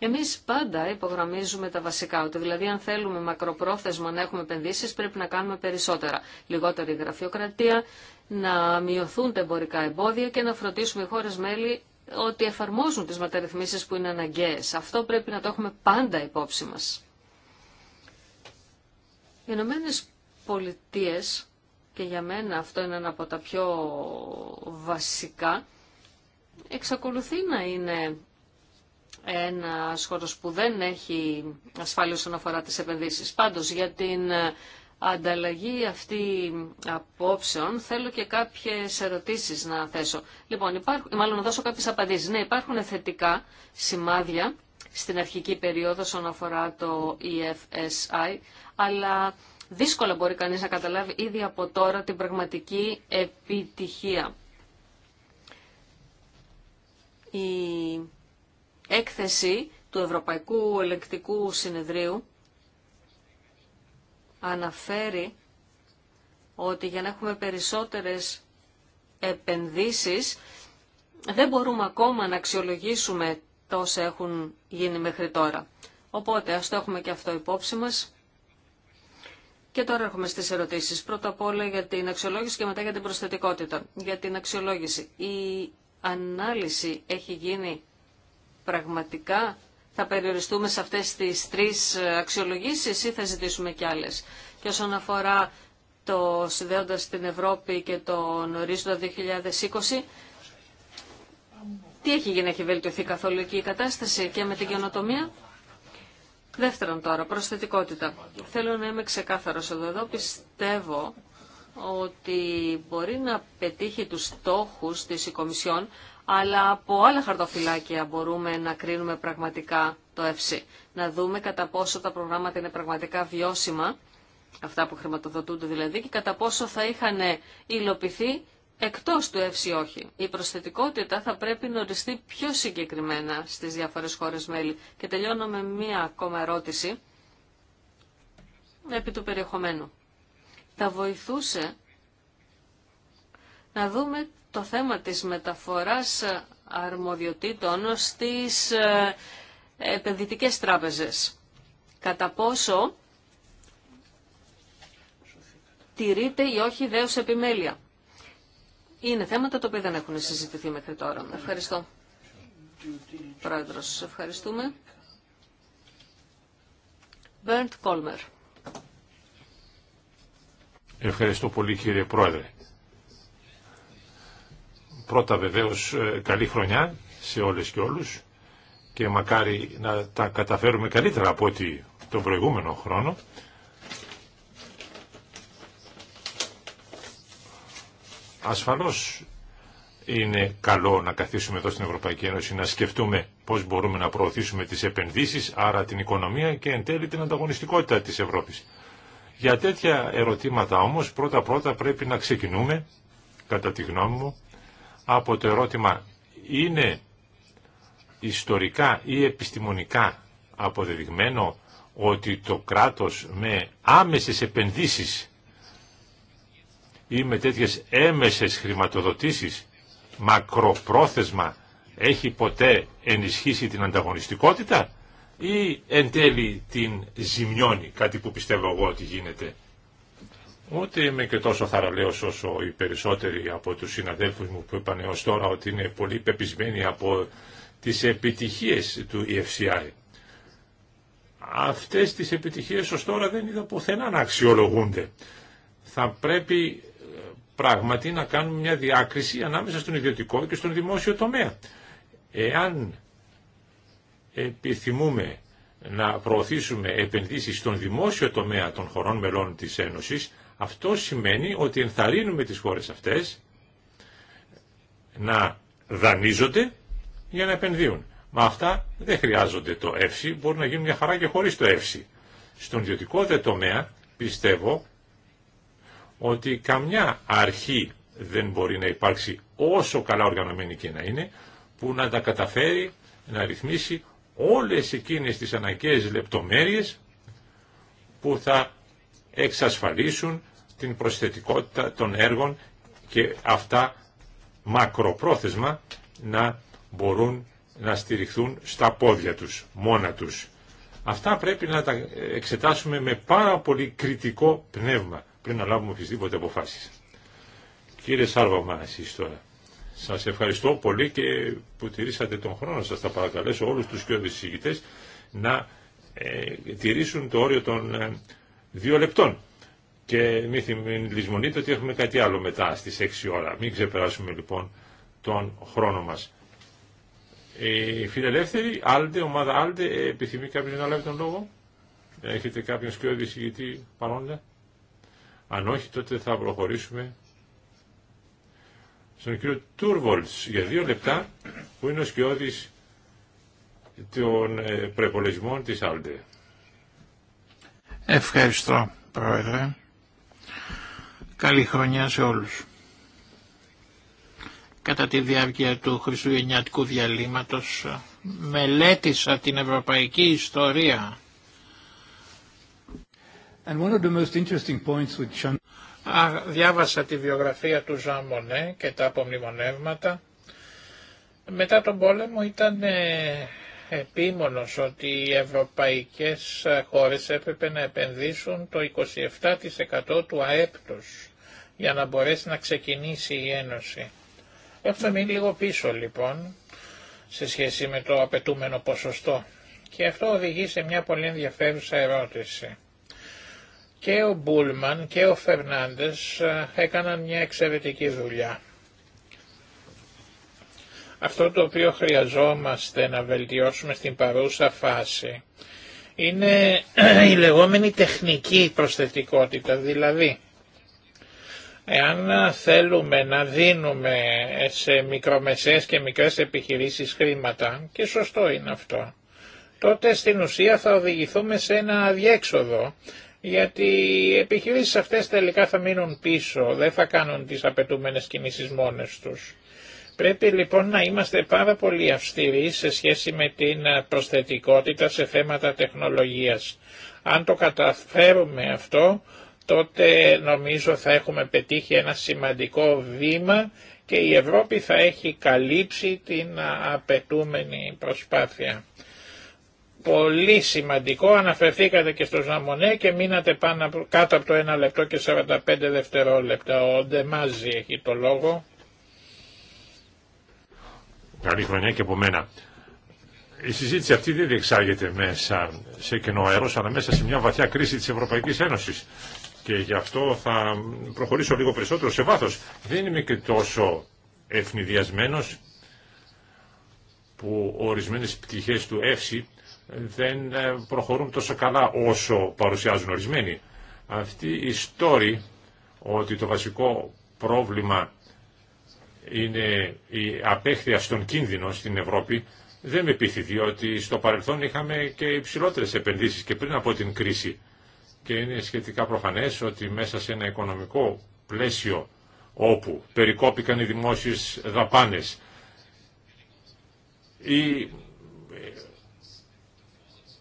Εμείς πάντα υπογραμμίζουμε τα βασικά, ότι δηλαδή αν θέλουμε μακροπρόθεσμα να έχουμε επενδύσεις πρέπει να κάνουμε περισσότερα. Λιγότερη γραφειοκρατία, να μειωθούν τα εμπορικά εμπόδια και να φροντίσουμε οι χώρες μέλη ότι εφαρμόζουν τις μεταρρυθμίσεις που είναι αναγκαίες. Αυτό πρέπει να το έχουμε πάντα υπόψη μας. Οι Ηνωμένε Πολιτείε και για μένα αυτό είναι ένα από τα πιο βασικά, εξακολουθεί να είναι ένα χώρο που δεν έχει ασφάλεια όσον αφορά τις επενδύσεις. Πάντως για την ανταλλαγή αυτή απόψεων θέλω και κάποιες ερωτήσεις να θέσω. Λοιπόν, υπάρχουν, μάλλον να δώσω κάποιες απαντήσεις. Ναι, υπάρχουν θετικά σημάδια στην αρχική περίοδο όσον αφορά το EFSI, αλλά δύσκολα μπορεί κανείς να καταλάβει ήδη από τώρα την πραγματική επιτυχία. Η έκθεση του Ευρωπαϊκού Ελεκτικού Συνεδρίου αναφέρει ότι για να έχουμε περισσότερες επενδύσεις δεν μπορούμε ακόμα να αξιολογήσουμε τόσα έχουν γίνει μέχρι τώρα. Οπότε ας το έχουμε και αυτό υπόψη μας. Και τώρα έρχομαι στις ερωτήσεις. Πρώτα απ' όλα για την αξιολόγηση και μετά για την προσθετικότητα. Για την αξιολόγηση. Η ανάλυση έχει γίνει πραγματικά θα περιοριστούμε σε αυτές τις τρεις ε, αξιολογήσεις ή θα ζητήσουμε κι άλλες. Και όσον αφορά το συνδέοντας την Ευρώπη και τον ορίζοντα 2020, τι έχει γίνει, έχει βελτιωθεί καθόλου εκεί η κατάσταση και με την καινοτομία. Δεύτερον τώρα, προσθετικότητα. Θέλω να είμαι ξεκάθαρος εδώ. Εδώ πιστεύω ότι μπορεί να πετύχει τους στόχους της Οικομισιόν, αλλά από άλλα χαρτοφυλάκια μπορούμε να κρίνουμε πραγματικά το ΕΦΣΥ. Να δούμε κατά πόσο τα προγράμματα είναι πραγματικά βιώσιμα, αυτά που χρηματοδοτούνται δηλαδή, και κατά πόσο θα είχαν υλοποιηθεί εκτός του ΕΦΣΥ όχι. Η προσθετικότητα θα πρέπει να οριστεί πιο συγκεκριμένα στις διάφορες χώρες μέλη. Και τελειώνω με μία ακόμα ερώτηση επί του περιεχομένου. Θα βοηθούσε να δούμε το θέμα της μεταφοράς αρμοδιοτήτων στις ε, επενδυτικές τράπεζες. Κατά πόσο τηρείται ή όχι δέος επιμέλεια. Είναι θέματα τα οποία δεν έχουν συζητηθεί μέχρι τώρα. Ευχαριστώ. Πρόεδρος, ευχαριστούμε. Bernd Κόλμερ. Ευχαριστώ πολύ κύριε Πρόεδρε. Πρώτα βεβαίως ε, καλή χρονιά σε όλες και όλους και μακάρι να τα καταφέρουμε καλύτερα από ό,τι τον προηγούμενο χρόνο. Ασφαλώς είναι καλό να καθίσουμε εδώ στην Ευρωπαϊκή Ένωση να σκεφτούμε πώς μπορούμε να προωθήσουμε τις επενδύσεις, άρα την οικονομία και εν τέλει την ανταγωνιστικότητα της Ευρώπης. Για τέτοια ερωτήματα όμως πρώτα-πρώτα πρέπει να ξεκινούμε, κατά τη γνώμη μου, από το ερώτημα είναι ιστορικά ή επιστημονικά αποδεδειγμένο ότι το κράτος με άμεσες επενδύσεις ή με τέτοιες έμεσες χρηματοδοτήσεις μακροπρόθεσμα έχει ποτέ ενισχύσει την ανταγωνιστικότητα ή εν τέλει την ζημιώνει, κάτι που πιστεύω εγώ ότι γίνεται. Ούτε είμαι και τόσο θαραλέος όσο οι περισσότεροι από τους συναδέλφους μου που είπαν έως τώρα ότι είναι πολύ πεπισμένοι από τις επιτυχίες του EFCI. Αυτές τις επιτυχίες ως τώρα δεν είδα πουθενά να αξιολογούνται. Θα πρέπει ε, πράγματι να κάνουμε μια διάκριση ανάμεσα στον ιδιωτικό και στον δημόσιο τομέα. Εάν επιθυμούμε να προωθήσουμε επενδύσεις στον δημόσιο τομέα των χωρών μελών της Ένωσης, αυτό σημαίνει ότι ενθαρρύνουμε τις χώρες αυτές να δανείζονται για να επενδύουν. Μα αυτά δεν χρειάζονται το εύση, μπορεί να γίνουν μια χαρά και χωρίς το εύση. Στον ιδιωτικό δε τομέα πιστεύω ότι καμιά αρχή δεν μπορεί να υπάρξει όσο καλά οργανωμένη και να είναι, που να τα καταφέρει να ρυθμίσει όλες εκείνες τις αναγκαίες λεπτομέρειες που θα εξασφαλίσουν την προσθετικότητα των έργων και αυτά μακροπρόθεσμα να μπορούν να στηριχθούν στα πόδια τους, μόνα τους. Αυτά πρέπει να τα εξετάσουμε με πάρα πολύ κριτικό πνεύμα πριν να λάβουμε οποιασδήποτε αποφάσεις. Κύριε Σάρβαμα, εσείς τώρα. Σας ευχαριστώ πολύ και που τηρήσατε τον χρόνο σας. Θα παρακαλέσω όλους τους και όλους να ε, τηρήσουν το όριο των ε, δύο λεπτών. Και μην θυμιλισμονείτε ότι έχουμε κάτι άλλο μετά στις 6 ώρα. Μην ξεπεράσουμε λοιπόν τον χρόνο μας. Ε, η φιλελεύθερη, η ομάδα Άλντε, ε, επιθυμεί κάποιον να λάβει τον λόγο. Έχετε κάποιον σκιώδη συγητή παρόντα. Αν όχι, τότε θα προχωρήσουμε στον κύριο Τούρβολτς για δύο λεπτά, που είναι ο σκιώδης των ε, προπολογισμών της Άλντε. Ευχαριστώ, Πρόεδρε. Καλή χρονιά σε όλους. Κατά τη διάρκεια του Χριστουγεννιάτικου διαλύματος ε, μελέτησα την ευρωπαϊκή ιστορία. And one of the most interesting points with... Α, διάβασα τη βιογραφία του Ζαν και τα απομνημονεύματα. Μετά τον πόλεμο ήταν ε, επίμονος ότι οι ευρωπαϊκές χώρες έπρεπε να επενδύσουν το 27% του ΑΕΠ τους για να μπορέσει να ξεκινήσει η Ένωση. Έχουμε μείνει λίγο πίσω λοιπόν σε σχέση με το απαιτούμενο ποσοστό και αυτό οδηγεί σε μια πολύ ενδιαφέρουσα ερώτηση. Και ο Μπούλμαν και ο Φερνάντες ε, έκαναν μια εξαιρετική δουλειά. Αυτό το οποίο χρειαζόμαστε να βελτιώσουμε στην παρούσα φάση είναι η λεγόμενη τεχνική προσθετικότητα, δηλαδή εάν θέλουμε να δίνουμε σε μικρομεσαίες και μικρές επιχειρήσεις χρήματα, και σωστό είναι αυτό, τότε στην ουσία θα οδηγηθούμε σε ένα αδιέξοδο, γιατί οι επιχειρήσεις αυτές τελικά θα μείνουν πίσω, δεν θα κάνουν τις απαιτούμενες κινήσεις μόνες τους. Πρέπει λοιπόν να είμαστε πάρα πολύ αυστηροί σε σχέση με την ε, προσθετικότητα σε θέματα τεχνολογίας. Αν το καταφέρουμε αυτό, τότε νομίζω θα έχουμε πετύχει ένα σημαντικό βήμα και η Ευρώπη θα έχει καλύψει την ε, απαιτούμενη προσπάθεια. Πολύ σημαντικό, αναφερθήκατε και στο Ζαμονέ και μείνατε πάνω, κάτω από το 1 λεπτό και 45 δευτερόλεπτα. Ο Ντεμάζη έχει το λόγο. Καλή χρονιά και από μένα. Η συζήτηση αυτή δεν διεξάγεται μέσα σε κενό αέρος, αλλά μέσα σε μια βαθιά κρίση της Ευρωπαϊκής Ένωσης. Και γι' αυτό θα προχωρήσω λίγο περισσότερο σε βάθος. Δεν είμαι και τόσο ευνηδιασμένος που ορισμένες πτυχές του ΕΦΣΥ δεν ε, προχωρούν τόσο καλά όσο παρουσιάζουν ορισμένοι. Αυτή η story ότι το βασικό πρόβλημα είναι η απέχθεια στον κίνδυνο στην Ευρώπη δεν με πείθει, διότι στο παρελθόν είχαμε και υψηλότερες επενδύσεις και πριν από την κρίση. Και είναι σχετικά προφανές ότι μέσα σε ένα οικονομικό πλαίσιο όπου περικόπηκαν οι δημόσιες δαπάνες η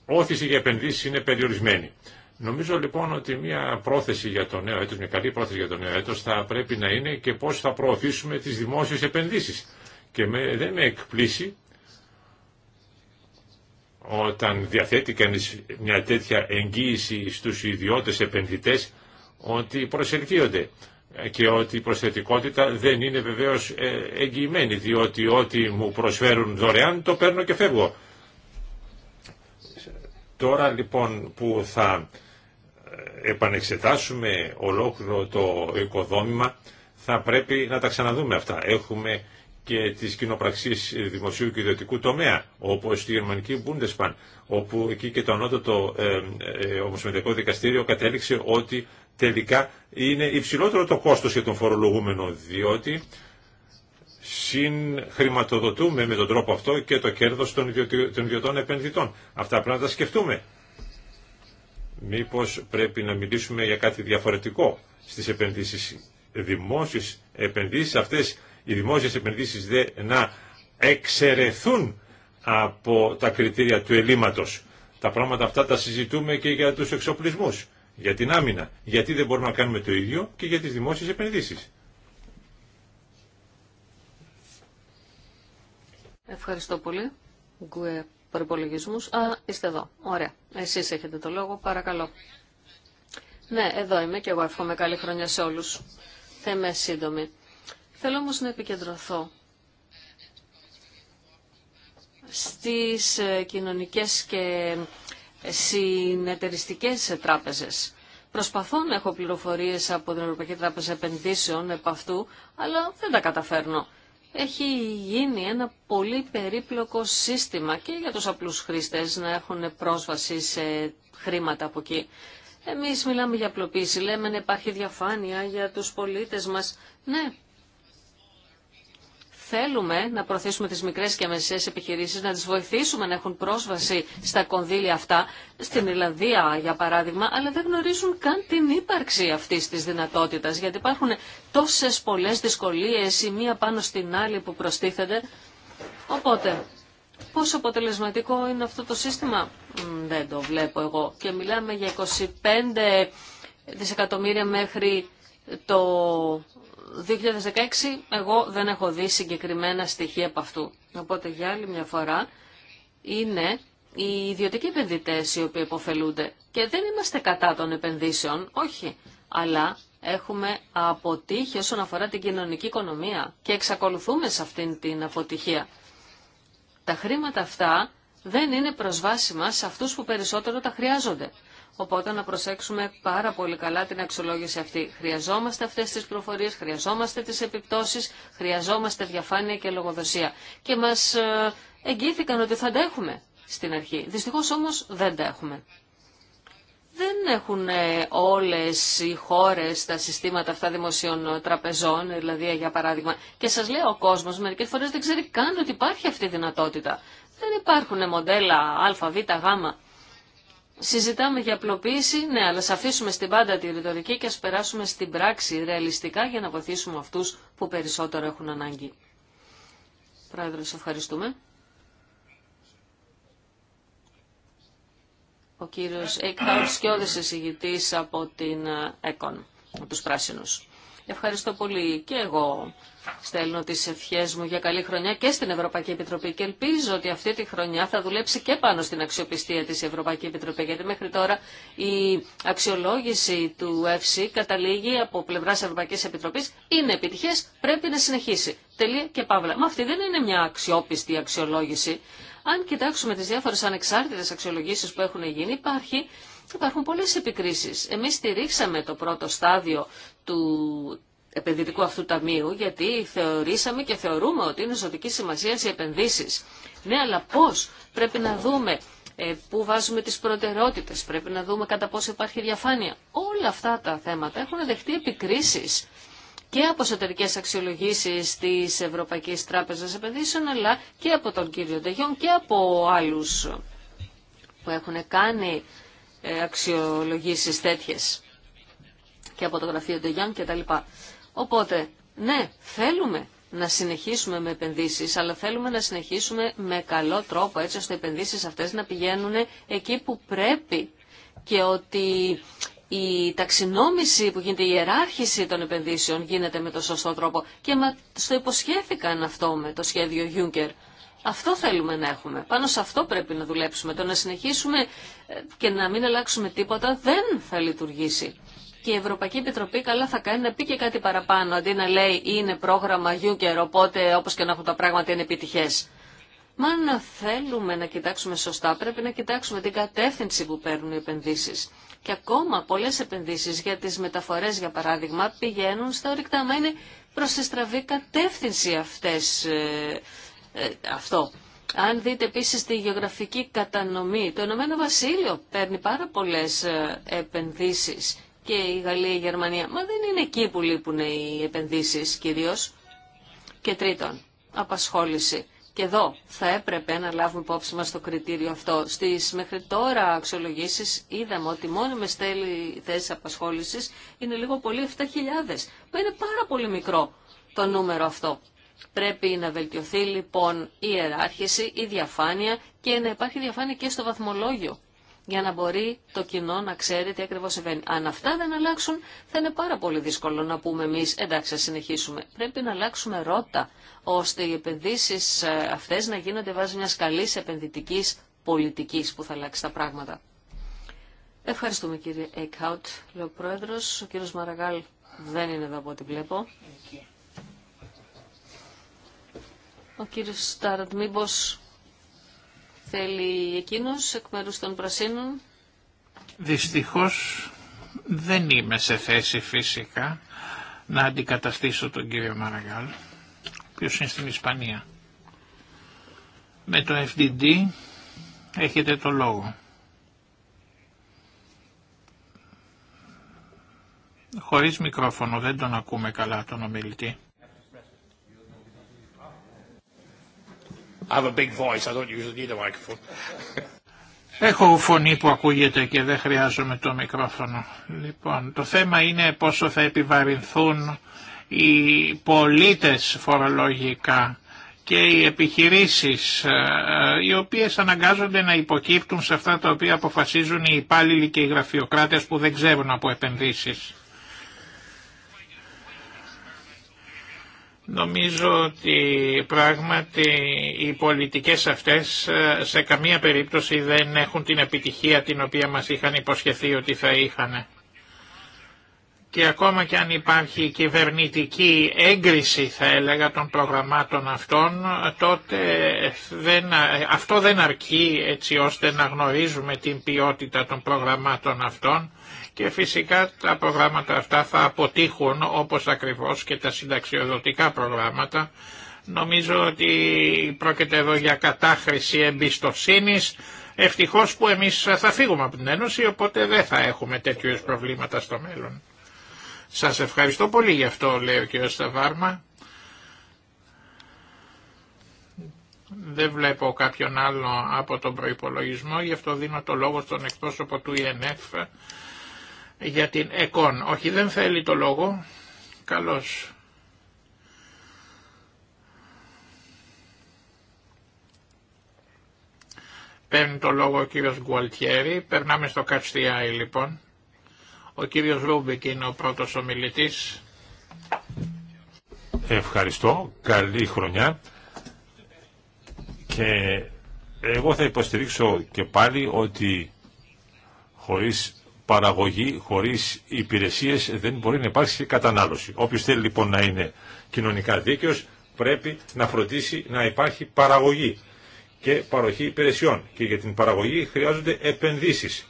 όθηση για επενδύσεις είναι περιορισμένη. Νομίζω λοιπόν ότι μια πρόθεση για το νέο έτος, μια καλή πρόθεση για το νέο έτος θα πρέπει να είναι και πώς θα προωθήσουμε τις δημόσιες επενδύσεις. Και με, δεν με εκπλήσει όταν διαθέτει κανείς μια τέτοια εγγύηση στους ιδιώτες επενδυτές ότι προσελκύονται και ότι η προσθετικότητα δεν είναι βεβαίως ε, εγγυημένη διότι ό,τι μου προσφέρουν δωρεάν το παίρνω και φεύγω. Τώρα λοιπόν που θα επανεξετάσουμε ολόκληρο το οικοδόμημα θα πρέπει να τα ξαναδούμε αυτά. Έχουμε και τις κοινοπραξίες δημοσίου και ιδιωτικού τομέα, όπως τη γερμανική Bundesbank, όπου εκεί και το ανώτατο ε, ε, ε, ομοσπονδιακό δικαστήριο κατέληξε ότι τελικά είναι υψηλότερο το κόστος για τον φορολογούμενο, διότι συγχρηματοδοτούμε με τον τρόπο αυτό και το κέρδος των, ιδιωτών επενδυτών. Αυτά πρέπει να τα σκεφτούμε μήπως πρέπει να μιλήσουμε για κάτι διαφορετικό στις επενδύσεις. Δημόσιες επενδύσεις αυτές, οι δημόσιες επενδύσεις δε, να εξαιρεθούν από τα κριτήρια του ελλείμματος. Τα πράγματα αυτά τα συζητούμε και για τους εξοπλισμούς, για την άμυνα. Γιατί δεν μπορούμε να κάνουμε το ίδιο και για τις δημόσιες επενδύσεις. Ευχαριστώ πολύ. Α, είστε εδώ. Ωραία. Εσείς έχετε το λόγο. Παρακαλώ. Ναι, εδώ είμαι και εγώ εύχομαι καλή χρονιά σε όλου. Θα είμαι σύντομη. Θέλω όμω να επικεντρωθώ στις ε, κοινωνικές και ε, συνεταιριστικές τράπεζες. Προσπαθώ να έχω πληροφορίες από την Ευρωπαϊκή Τράπεζα Επενδύσεων επ' αυτού, αλλά δεν τα καταφέρνω έχει γίνει ένα πολύ περίπλοκο σύστημα και για τους απλούς χρήστες να έχουν πρόσβαση σε χρήματα από εκεί. Εμείς μιλάμε για απλοποίηση, λέμε να υπάρχει διαφάνεια για τους πολίτες μας. Ναι, θέλουμε να προωθήσουμε τις μικρές και μεσαίες επιχειρήσεις, να τις βοηθήσουμε να έχουν πρόσβαση στα κονδύλια αυτά, στην Ιρλανδία για παράδειγμα, αλλά δεν γνωρίζουν καν την ύπαρξη αυτής της δυνατότητας, γιατί υπάρχουν τόσες πολλές δυσκολίες, η μία πάνω στην άλλη που προστίθεται. Οπότε, πόσο αποτελεσματικό είναι αυτό το σύστημα, δεν το βλέπω εγώ. Και μιλάμε για 25 δισεκατομμύρια μέχρι το 2016 εγώ δεν έχω δει συγκεκριμένα στοιχεία από αυτού. Οπότε για άλλη μια φορά είναι οι ιδιωτικοί επενδυτέ οι οποίοι υποφελούνται. Και δεν είμαστε κατά των επενδύσεων, όχι. Αλλά έχουμε αποτύχει όσον αφορά την κοινωνική οικονομία και εξακολουθούμε σε αυτήν την αποτυχία. Τα χρήματα αυτά δεν είναι προσβάσιμα σε αυτούς που περισσότερο τα χρειάζονται. Οπότε να προσέξουμε πάρα πολύ καλά την αξιολόγηση αυτή. Χρειαζόμαστε αυτέ τι πληροφορίε, χρειαζόμαστε τι επιπτώσει, χρειαζόμαστε διαφάνεια και λογοδοσία. Και μα ε, εγγύθηκαν ότι θα τα έχουμε στην αρχή. Δυστυχώ όμω δεν τα έχουμε. Δεν έχουν ε, όλες οι χώρες τα συστήματα αυτά δημοσίων ε, τραπεζών, δηλαδή για παράδειγμα. Και σας λέω, ο κόσμος μερικές φορές δεν ξέρει καν ότι υπάρχει αυτή η δυνατότητα. Δεν υπάρχουν μοντέλα α, β, γ. Συζητάμε για απλοποίηση, ναι, αλλά ας αφήσουμε στην πάντα τη ρητορική και ας περάσουμε στην πράξη ρεαλιστικά για να βοηθήσουμε αυτούς που περισσότερο έχουν ανάγκη. Πρόεδρε, σε ευχαριστούμε. Ο κύριος και ο εισηγητής από την ε, ΕΚΟΝ, από τους Πράσινους. Ευχαριστώ πολύ και εγώ στέλνω τις ευχές μου για καλή χρονιά και στην Ευρωπαϊκή Επιτροπή και ελπίζω ότι αυτή τη χρονιά θα δουλέψει και πάνω στην αξιοπιστία της Ευρωπαϊκή Επιτροπή γιατί μέχρι τώρα η αξιολόγηση του ΕΦΣΥ καταλήγει από πλευράς Ευρωπαϊκής Επιτροπής είναι επιτυχές, πρέπει να συνεχίσει. Τελεία και παύλα. Μα αυτή δεν είναι μια αξιόπιστη αξιολόγηση. Αν κοιτάξουμε τις διάφορες ανεξάρτητες αξιολογήσεις που έχουν γίνει υπάρχει Υπάρχουν πολλές επικρίσεις. Εμείς στηρίξαμε το πρώτο στάδιο του επενδυτικού αυτού ταμείου, γιατί θεωρήσαμε και θεωρούμε ότι είναι ζωτική σημασία οι επενδύσεις. Ναι, αλλά πώς πρέπει να δούμε ε, πού βάζουμε τις προτεραιότητες, πρέπει να δούμε κατά πόσο υπάρχει διαφάνεια. Όλα αυτά τα θέματα έχουν δεχτεί επικρίσεις και από εσωτερικέ αξιολογήσεις της Ευρωπαϊκής Τράπεζας Επενδύσεων, αλλά και από τον κύριο Ντεγιόν και από άλλους που έχουν κάνει αξιολογησεις της ευρωπαικη τραπεζα επενδυσεων αλλα και απο τον κυριο ντεγιον και απο αλλου που εχουν κανει αξιολογησει τετοιες και από το γραφείο του Ντεγιάν κτλ. Οπότε, ναι, θέλουμε να συνεχίσουμε με επενδύσεις, αλλά θέλουμε να συνεχίσουμε με καλό τρόπο, έτσι ώστε οι επενδύσεις αυτές να πηγαίνουν εκεί που πρέπει και ότι η ταξινόμηση που γίνεται, η ιεράρχηση των επενδύσεων γίνεται με το σωστό τρόπο και μα στο υποσχέθηκαν αυτό με το σχέδιο Juncker. Αυτό θέλουμε να έχουμε. Πάνω σε αυτό πρέπει να δουλέψουμε. Το να συνεχίσουμε ε, και να μην αλλάξουμε τίποτα δεν θα λειτουργήσει και η Ευρωπαϊκή Επιτροπή καλά θα κάνει να πει και κάτι παραπάνω, αντί να λέει είναι πρόγραμμα Juncker, οπότε όπως και να έχουν τα πράγματα είναι επιτυχές. Μα αν θέλουμε να κοιτάξουμε σωστά, πρέπει να κοιτάξουμε την κατεύθυνση που παίρνουν οι επενδύσεις. Και ακόμα πολλές επενδύσεις για τις μεταφορές, για παράδειγμα, πηγαίνουν στα ορυκτά. Μα είναι προς τη στραβή κατεύθυνση αυτές, ε, ε, αυτό. Αν δείτε επίσης τη γεωγραφική κατανομή, το Ηνωμένο Βασίλειο παίρνει πάρα πολλές ε, επενδύσεις και η Γαλλία, η Γερμανία. Μα δεν είναι εκεί που λείπουν οι επενδύσεις κυρίω Και τρίτον, απασχόληση. Και εδώ θα έπρεπε να λάβουμε υπόψη μα το κριτήριο αυτό. Στις μέχρι τώρα αξιολογήσεις είδαμε ότι μόνο με στέλνει θέση απασχόλησης είναι λίγο πολύ 7.000. Που είναι πάρα πολύ μικρό το νούμερο αυτό. Πρέπει να βελτιωθεί λοιπόν η ιεράρχηση, η διαφάνεια και να υπάρχει διαφάνεια και στο βαθμολόγιο για να μπορεί το κοινό να ξέρει τι ακριβώς συμβαίνει. Αν αυτά δεν αλλάξουν, θα είναι πάρα πολύ δύσκολο να πούμε εμείς, εντάξει, θα συνεχίσουμε. Πρέπει να αλλάξουμε ρότα, ώστε οι επενδύσεις ε, αυτές να γίνονται βάσει μιας καλής επενδυτικής πολιτικής που θα αλλάξει τα πράγματα. Ευχαριστούμε κύριε Έκχαουτ λέει ο πρόεδρος. Ο κύριος Μαραγάλ δεν είναι εδώ από ό,τι βλέπω. Ο κύριος Θέλει εκείνος εκ μέρου των Πρασίνων. Δυστυχώς δεν είμαι σε θέση φυσικά να αντικαταστήσω τον κύριο Μαραγκάλ, ποιος είναι στην Ισπανία. Με το FDD έχετε το λόγο. Χωρίς μικρόφωνο δεν τον ακούμε καλά τον ομιλητή. Έχω φωνή που ακούγεται και δεν χρειάζομαι το μικρόφωνο. Λοιπόν, το θέμα είναι πόσο θα επιβαρυνθούν οι πολίτες φορολογικά και οι επιχειρήσεις ε, οι οποίες αναγκάζονται να υποκύπτουν σε αυτά τα οποία αποφασίζουν οι υπάλληλοι και οι γραφειοκράτες που δεν ξέρουν από επενδύσεις. Νομίζω ότι πράγματι οι πολιτικές αυτές ε, σε καμία περίπτωση δεν έχουν την επιτυχία την οποία μας είχαν υποσχεθεί ότι θα είχαν και ακόμα και αν υπάρχει κυβερνητική έγκριση θα έλεγα των προγραμμάτων αυτών, τότε αυτό δεν αρκεί έτσι ώστε να γνωρίζουμε την ποιότητα των προγραμμάτων αυτών και φυσικά τα προγράμματα αυτά θα αποτύχουν όπως ακριβώς και τα συνταξιοδοτικά προγράμματα. Νομίζω ότι πρόκειται εδώ για κατάχρηση εμπιστοσύνης. Ευτυχώς που εμείς θα φύγουμε από την Ένωση, οπότε δεν θα έχουμε τέτοιου προβλήματα στο μέλλον. Σας ευχαριστώ πολύ γι' αυτό, λέει ο κ. Σταβάρμα. Δεν βλέπω κάποιον άλλο από τον προϋπολογισμό, γι' αυτό δίνω το λόγο στον εκπρόσωπο του ΙΕΝΕΦ για την ΕΚΟΝ. Όχι, δεν θέλει το λόγο. Καλώς. Παίρνει το λόγο ο κ. Γκουαλτιέρη. Περνάμε στο Κατστιάι λοιπόν. Ο κύριος Ρούμπικ είναι ο πρώτος ομιλητής. Ευχαριστώ. Καλή χρονιά. Και εγώ θα υποστηρίξω και πάλι ότι χωρίς παραγωγή, χωρίς υπηρεσίες δεν μπορεί να υπάρξει κατανάλωση. Όποιος θέλει λοιπόν να είναι κοινωνικά δίκαιος πρέπει να φροντίσει να υπάρχει παραγωγή και παροχή υπηρεσιών. Και για την παραγωγή χρειάζονται επενδύσεις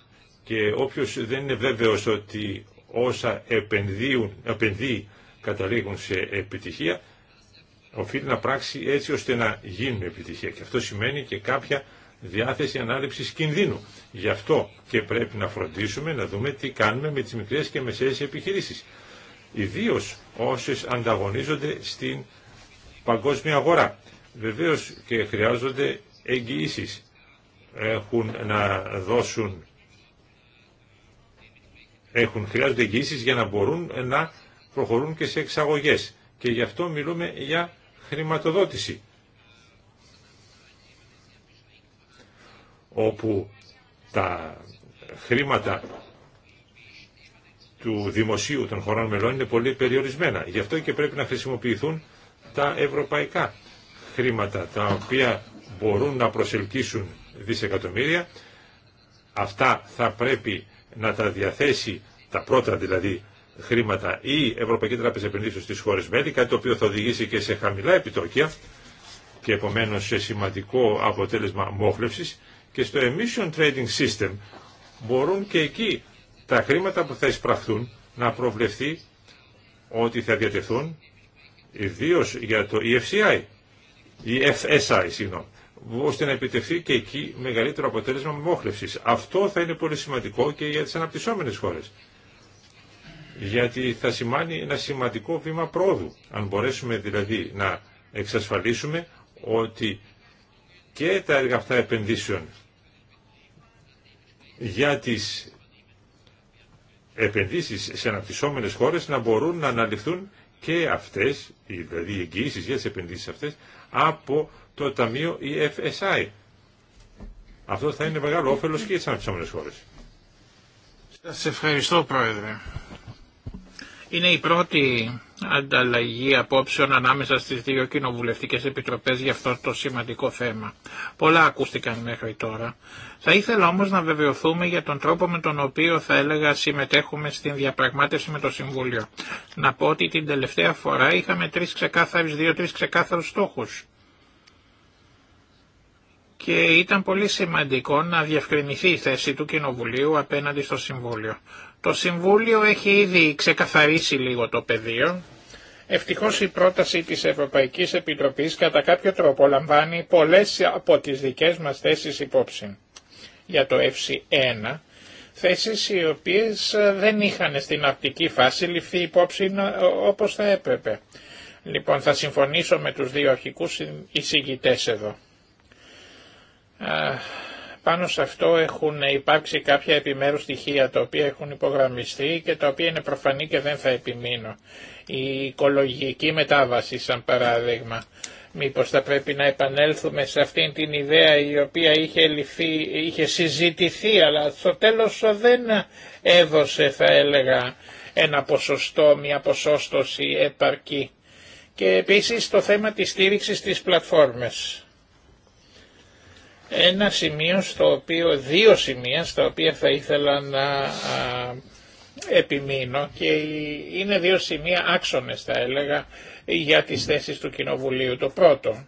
και όποιος δεν είναι βέβαιος ότι όσα επενδύουν, επενδύει καταλήγουν σε επιτυχία, οφείλει να πράξει έτσι ώστε να γίνουν επιτυχία. Και αυτό σημαίνει και κάποια διάθεση ανάληψης κινδύνου. Γι' αυτό και πρέπει να φροντίσουμε να δούμε τι κάνουμε με τις μικρές και μεσαίες επιχειρήσεις. Ιδίω όσες ανταγωνίζονται στην παγκόσμια αγορά. Βεβαίως και χρειάζονται εγγυήσεις. Έχουν να δώσουν έχουν, χρειάζονται εγγυήσεις για να μπορούν ε, να προχωρούν και σε εξαγωγέ. Και γι' αυτό μιλούμε για χρηματοδότηση. Όπου τα χρήματα του δημοσίου των χωρών μελών είναι πολύ περιορισμένα. Γι' αυτό και πρέπει να χρησιμοποιηθούν τα ευρωπαϊκά χρήματα, τα οποία μπορούν να προσελκύσουν δισεκατομμύρια. Αυτά θα πρέπει να τα διαθέσει τα πρώτα δηλαδή χρήματα η Ευρωπαϊκή Τράπεζα Επενδύσεων στις χώρες μέλη, κάτι το οποίο θα οδηγήσει και σε χαμηλά επιτόκια και επομένως σε σημαντικό αποτέλεσμα μόχλευσης και στο Emission Trading System μπορούν και εκεί τα χρήματα που θα εισπραχθούν να προβλεφθεί ότι θα διατεθούν ιδίω για το EFCI, EFSI, συγγνώμη ώστε να επιτευχθεί και εκεί μεγαλύτερο αποτέλεσμα μόχλευσης. Αυτό θα είναι πολύ σημαντικό και για τις αναπτυσσόμενες χώρες. Γιατί θα σημάνει ένα σημαντικό βήμα πρόοδου. Αν μπορέσουμε δηλαδή να εξασφαλίσουμε ότι και τα έργα αυτά επενδύσεων για τις επενδύσεις σε αναπτυσσόμενες χώρες να μπορούν να αναλυθούν και αυτές, δηλαδή οι εγγυήσεις για τις επενδύσεις αυτές, από το Ταμείο EFSI. Αυτό θα είναι μεγάλο όφελος και για τις αναπτυσσόμενες χώρες. Σας ευχαριστώ Πρόεδρε. Είναι η πρώτη ανταλλαγή απόψεων ανάμεσα στις δύο κοινοβουλευτικές επιτροπές για αυτό το σημαντικό θέμα. Πολλά ακούστηκαν μέχρι τώρα. Θα ήθελα όμως να βεβαιωθούμε για τον τρόπο με τον οποίο θα έλεγα συμμετέχουμε στην διαπραγμάτευση με το Συμβούλιο. Να πω ότι την τελευταία φορά είχαμε τρει ξεκαθαρου δυο δύο-τρεις ξεκάθαρους στόχους και ήταν πολύ σημαντικό να διευκρινηθεί η θέση του Κοινοβουλίου απέναντι στο Συμβούλιο. Το Συμβούλιο έχει ήδη ξεκαθαρίσει λίγο το πεδίο. Ευτυχώς η πρόταση της Ευρωπαϊκής Επιτροπής κατά κάποιο τρόπο λαμβάνει πολλές από τις δικές μας θέσεις υπόψη για το FC1, θέσεις οι οποίες δεν είχαν στην απτική φάση ληφθεί υπόψη όπως θα έπρεπε. Λοιπόν, θα συμφωνήσω με τους δύο αρχικούς εισηγητές εδώ. Πάνω σε αυτό έχουν υπάρξει κάποια επιμέρους στοιχεία τα οποία έχουν υπογραμμιστεί και τα οποία είναι προφανή και δεν θα επιμείνω. Η οικολογική μετάβαση σαν παράδειγμα. Μήπως θα πρέπει να επανέλθουμε σε αυτήν την ιδέα η οποία είχε, είχε συζητηθεί αλλά στο τέλος δεν έδωσε θα έλεγα ένα ποσοστό, μια ποσόστοση επαρκή. Και επίσης το θέμα της στήριξης της πλατφόρμες. Ένα σημείο στο οποίο, δύο σημεία στα οποία θα ήθελα να επιμείνω και είναι δύο σημεία άξονες θα έλεγα για τις θέσεις του Κοινοβουλίου. Το πρώτο,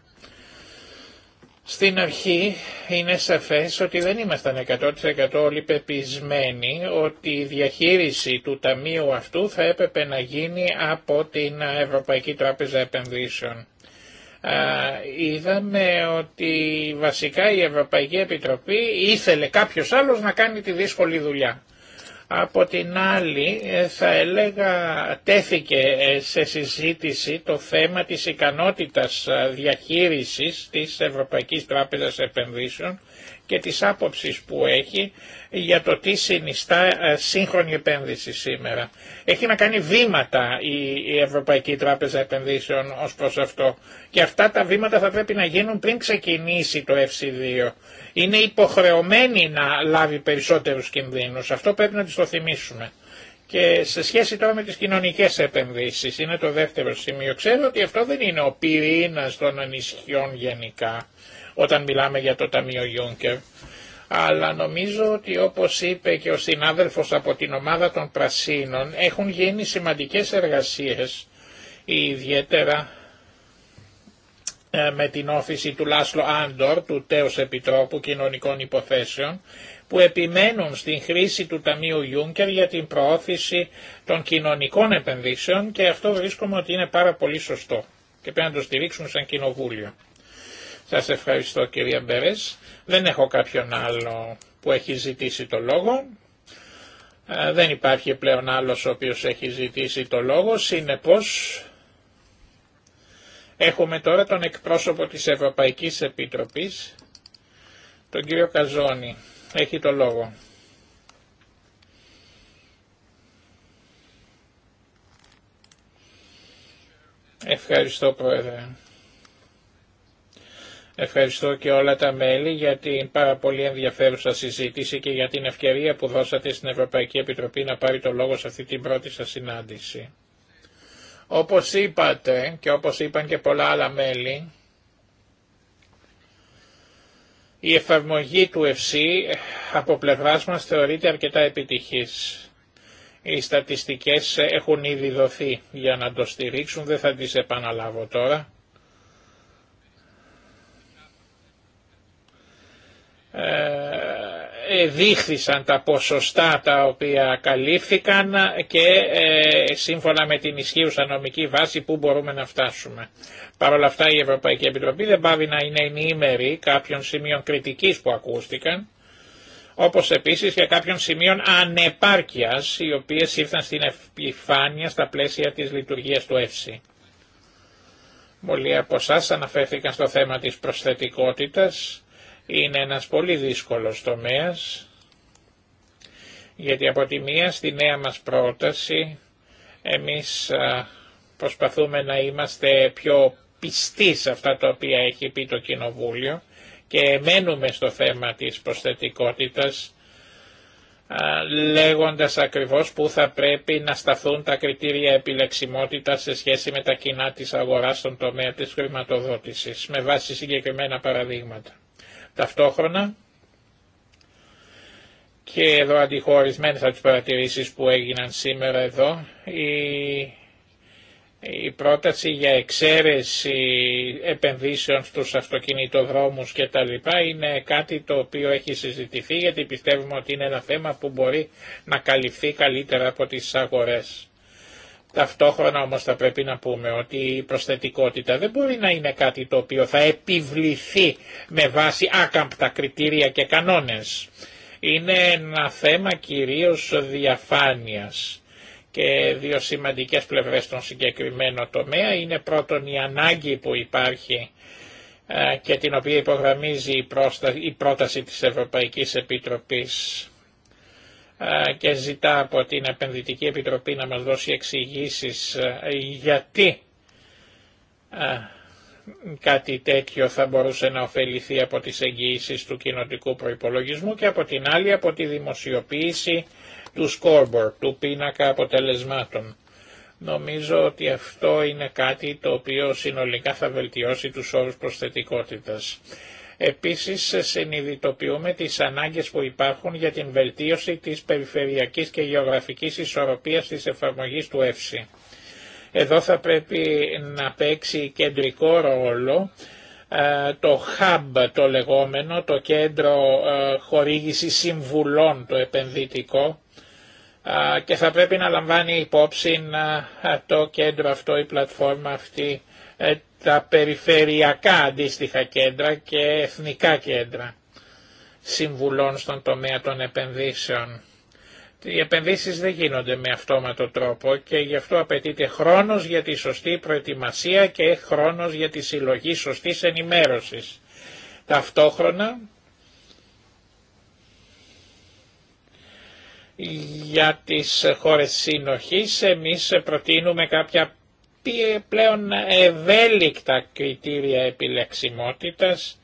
στην αρχή είναι σαφές ότι δεν ήμασταν 100% όλοι πεπισμένοι ότι η διαχείριση του ταμείου αυτού θα έπρεπε να γίνει από την Ευρωπαϊκή Τράπεζα Επενδύσεων είδαμε ότι βασικά η Ευρωπαϊκή Επιτροπή ήθελε κάποιος άλλος να κάνει τη δύσκολη δουλειά. Από την άλλη ε, θα έλεγα τέθηκε ε, σε συζήτηση το θέμα της ικανότητας διαχείρισης της Ευρωπαϊκής Τράπεζας Επενδύσεων και της άποψης που έχει για το τι συνιστά ε, σύγχρονη επένδυση σήμερα. Έχει να κάνει βήματα η Ευρωπαϊκή Τράπεζα Επενδύσεων ως προς αυτό και αυτά τα βήματα θα πρέπει να γίνουν πριν ξεκινήσει το FC2. Είναι υποχρεωμένη να λάβει περισσότερους κινδύνους, αυτό πρέπει να τις το θυμίσουμε. Και σε σχέση τώρα με τις κοινωνικές επενδύσεις, είναι το δεύτερο σημείο. Ξέρω ότι αυτό δεν είναι ο πυρήνας των ανησυχιών γενικά όταν μιλάμε για το Ταμείο Γιούνκερ. Αλλά νομίζω ότι όπως είπε και ο συνάδελφος από την ομάδα των Πρασίνων έχουν γίνει σημαντικές εργασίες ιδιαίτερα ε, με την όφηση του Λάσλο Άντορ, του τέος Επιτρόπου Κοινωνικών Υποθέσεων, που επιμένουν στην χρήση του Ταμείου Ιούνκερ για την προώθηση των κοινωνικών επενδύσεων και αυτό βρίσκομαι ότι είναι πάρα πολύ σωστό και πρέπει να το στηρίξουν σαν κοινοβούλιο. Σας ευχαριστώ κυρία Μπερές. Δεν έχω κάποιον άλλο που έχει ζητήσει το λόγο. Ε, δεν υπάρχει πλέον άλλος ο οποίος έχει ζητήσει το λόγο. Συνεπώς έχουμε τώρα τον εκπρόσωπο της Ευρωπαϊκής Επιτροπής, τον κύριο Καζόνη. Έχει το λόγο. Ευχαριστώ Πρόεδρε. Ευχαριστώ και όλα τα μέλη για την πάρα πολύ ενδιαφέρουσα συζήτηση και για την ευκαιρία που δώσατε στην Ευρωπαϊκή Επιτροπή να πάρει το λόγο σε αυτή την πρώτη σας συνάντηση. Όπως είπατε και όπως είπαν και πολλά άλλα μέλη, η εφαρμογή του ευσύ από πλευράς μας θεωρείται αρκετά επιτυχής. Οι στατιστικές έχουν ήδη δοθεί για να το στηρίξουν, δεν θα τις επαναλάβω τώρα. Ε, ε, δείχθησαν τα ποσοστά τα οποία καλύφθηκαν και ε, σύμφωνα με την ισχύουσα νομική βάση που μπορούμε να φτάσουμε. Παρ' όλα αυτά η Ευρωπαϊκή Επιτροπή δεν πάβει να είναι ενήμερη κάποιων σημείων κριτικής που ακούστηκαν όπως επίσης και κάποιων σημείων ανεπάρκειας οι οποίες ήρθαν στην επιφάνεια στα πλαίσια της λειτουργίας του ΕΦΣΥ. Πολλοί από εσά αναφέρθηκαν στο θέμα της προσθετικότητας είναι ένας πολύ δύσκολος τομέας, γιατί από τη μία στη νέα μας πρόταση εμείς προσπαθούμε να είμαστε πιο πιστοί σε αυτά τα οποία έχει πει το Κοινοβούλιο και μένουμε στο θέμα της προσθετικότητας λέγοντας ακριβώς που θα πρέπει να σταθούν τα κριτήρια επιλεξιμότητας σε σχέση με τα κοινά της αγοράς στον τομέα της χρηματοδότησης, με βάση συγκεκριμένα παραδείγματα. Ταυτόχρονα και εδώ αντιχωρισμένες από τις παρατηρήσεις που έγιναν σήμερα εδώ, η η πρόταση για εξαίρεση επενδύσεων στους αυτοκινητοδρόμους και τα λοιπά είναι κάτι το οποίο έχει συζητηθεί γιατί πιστεύουμε ότι είναι ένα θέμα που μπορεί να καλυφθεί καλύτερα από τις αγορές. Ταυτόχρονα όμως θα πρέπει να πούμε ότι η προσθετικότητα δεν μπορεί να είναι κάτι το οποίο θα επιβληθεί με βάση άκαμπτα κριτήρια και κανόνες. Είναι ένα θέμα κυρίως διαφάνειας και δύο σημαντικές πλευρές στον συγκεκριμένο τομέα είναι πρώτον η ανάγκη που υπάρχει ε, και την οποία υπογραμμίζει η πρόταση της Ευρωπαϊκής Επιτροπής και ζητά από την Επενδυτική Επιτροπή να μας δώσει εξηγήσει γιατί κάτι τέτοιο θα μπορούσε να ωφεληθεί από τις εγγυήσει του κοινοτικού προϋπολογισμού και από την άλλη από τη δημοσιοποίηση του scoreboard, του πίνακα αποτελεσμάτων. Νομίζω ότι αυτό είναι κάτι το οποίο συνολικά θα βελτιώσει τους όρους προσθετικότητας. Επίσης συνειδητοποιούμε τις ανάγκες που υπάρχουν για την βελτίωση της περιφερειακής και γεωγραφικής ισορροπίας της εφαρμογής του ΕΦΣΥ. Εδώ θα πρέπει να παίξει κεντρικό ρόλο ε, το hub το λεγόμενο, το κέντρο ε, χορήγηση συμβουλών το επενδυτικό ε, και θα πρέπει να λαμβάνει υπόψη το κέντρο αυτό, η πλατφόρμα αυτή ε, τα περιφερειακά αντίστοιχα κέντρα και εθνικά κέντρα συμβουλών στον τομέα των επενδύσεων. Οι επενδύσεις δεν γίνονται με αυτόματο τρόπο και γι' αυτό απαιτείται χρόνος για τη σωστή προετοιμασία και χρόνος για τη συλλογή σωστής ενημέρωσης. Ταυτόχρονα για τις χώρες συνοχής εμείς προτείνουμε κάποια ε, πλέον ευέλικτα κριτήρια επιλεξιμότητας.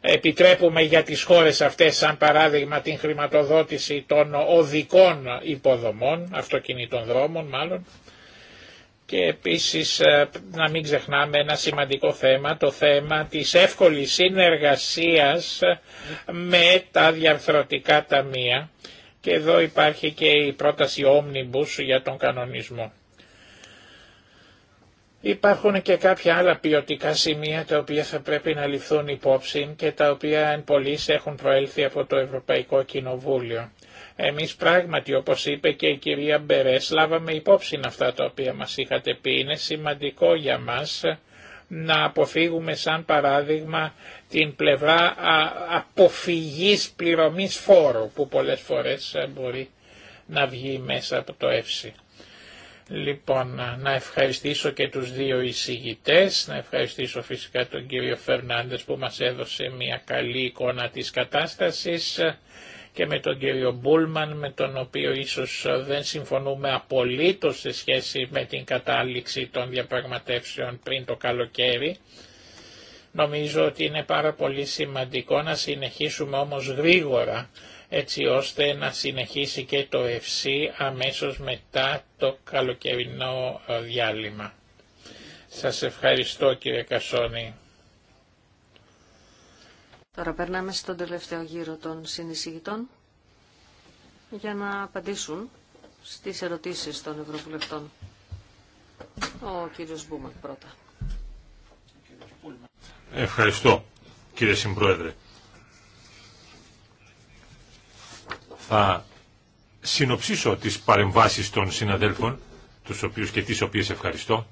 Επιτρέπουμε για τις χώρες αυτές σαν παράδειγμα την χρηματοδότηση των οδικών υποδομών, αυτοκινητών δρόμων μάλλον. Και επίσης ε, να μην ξεχνάμε ένα σημαντικό θέμα, το θέμα της εύκολης συνεργασίας με τα διαρθρωτικά ταμεία. Και εδώ υπάρχει και η πρόταση Omnibus για τον κανονισμό. Υπάρχουν και κάποια άλλα ποιοτικά σημεία τα οποία θα πρέπει να ληφθούν υπόψη και τα οποία εν έχουν προέλθει από το Ευρωπαϊκό Κοινοβούλιο. Εμείς πράγματι όπως είπε και η κυρία Μπερές λάβαμε υπόψη αυτά τα οποία μας είχατε πει. Είναι σημαντικό για μας να αποφύγουμε σαν παράδειγμα την πλευρά αποφυγής πληρωμής φόρου που πολλές φορές μπορεί να βγει μέσα από το Λοιπόν, να ευχαριστήσω και τους δύο εισηγητές, να ευχαριστήσω φυσικά τον κύριο Φερνάνδες που μας έδωσε μια καλή εικόνα της κατάστασης και με τον κύριο Μπούλμαν με τον οποίο ίσως δεν συμφωνούμε απολύτως σε σχέση με την κατάληξη των διαπραγματεύσεων πριν το καλοκαίρι. Νομίζω ότι είναι πάρα πολύ σημαντικό να συνεχίσουμε όμως γρήγορα έτσι ώστε να συνεχίσει και το FC αμέσως μετά το καλοκαιρινό ε, διάλειμμα. Σας ευχαριστώ κύριε Κασόνη. Τώρα περνάμε στον τελευταίο γύρο των συνεισηγητών για να απαντήσουν στις ερωτήσεις των Ευρωβουλευτών. Ο κύριος Μπούμακ πρώτα. Ευχαριστώ κύριε Συμπρόεδρε. θα συνοψίσω τις παρεμβάσεις των συναδέλφων, τους οποίους και τις οποίες ευχαριστώ.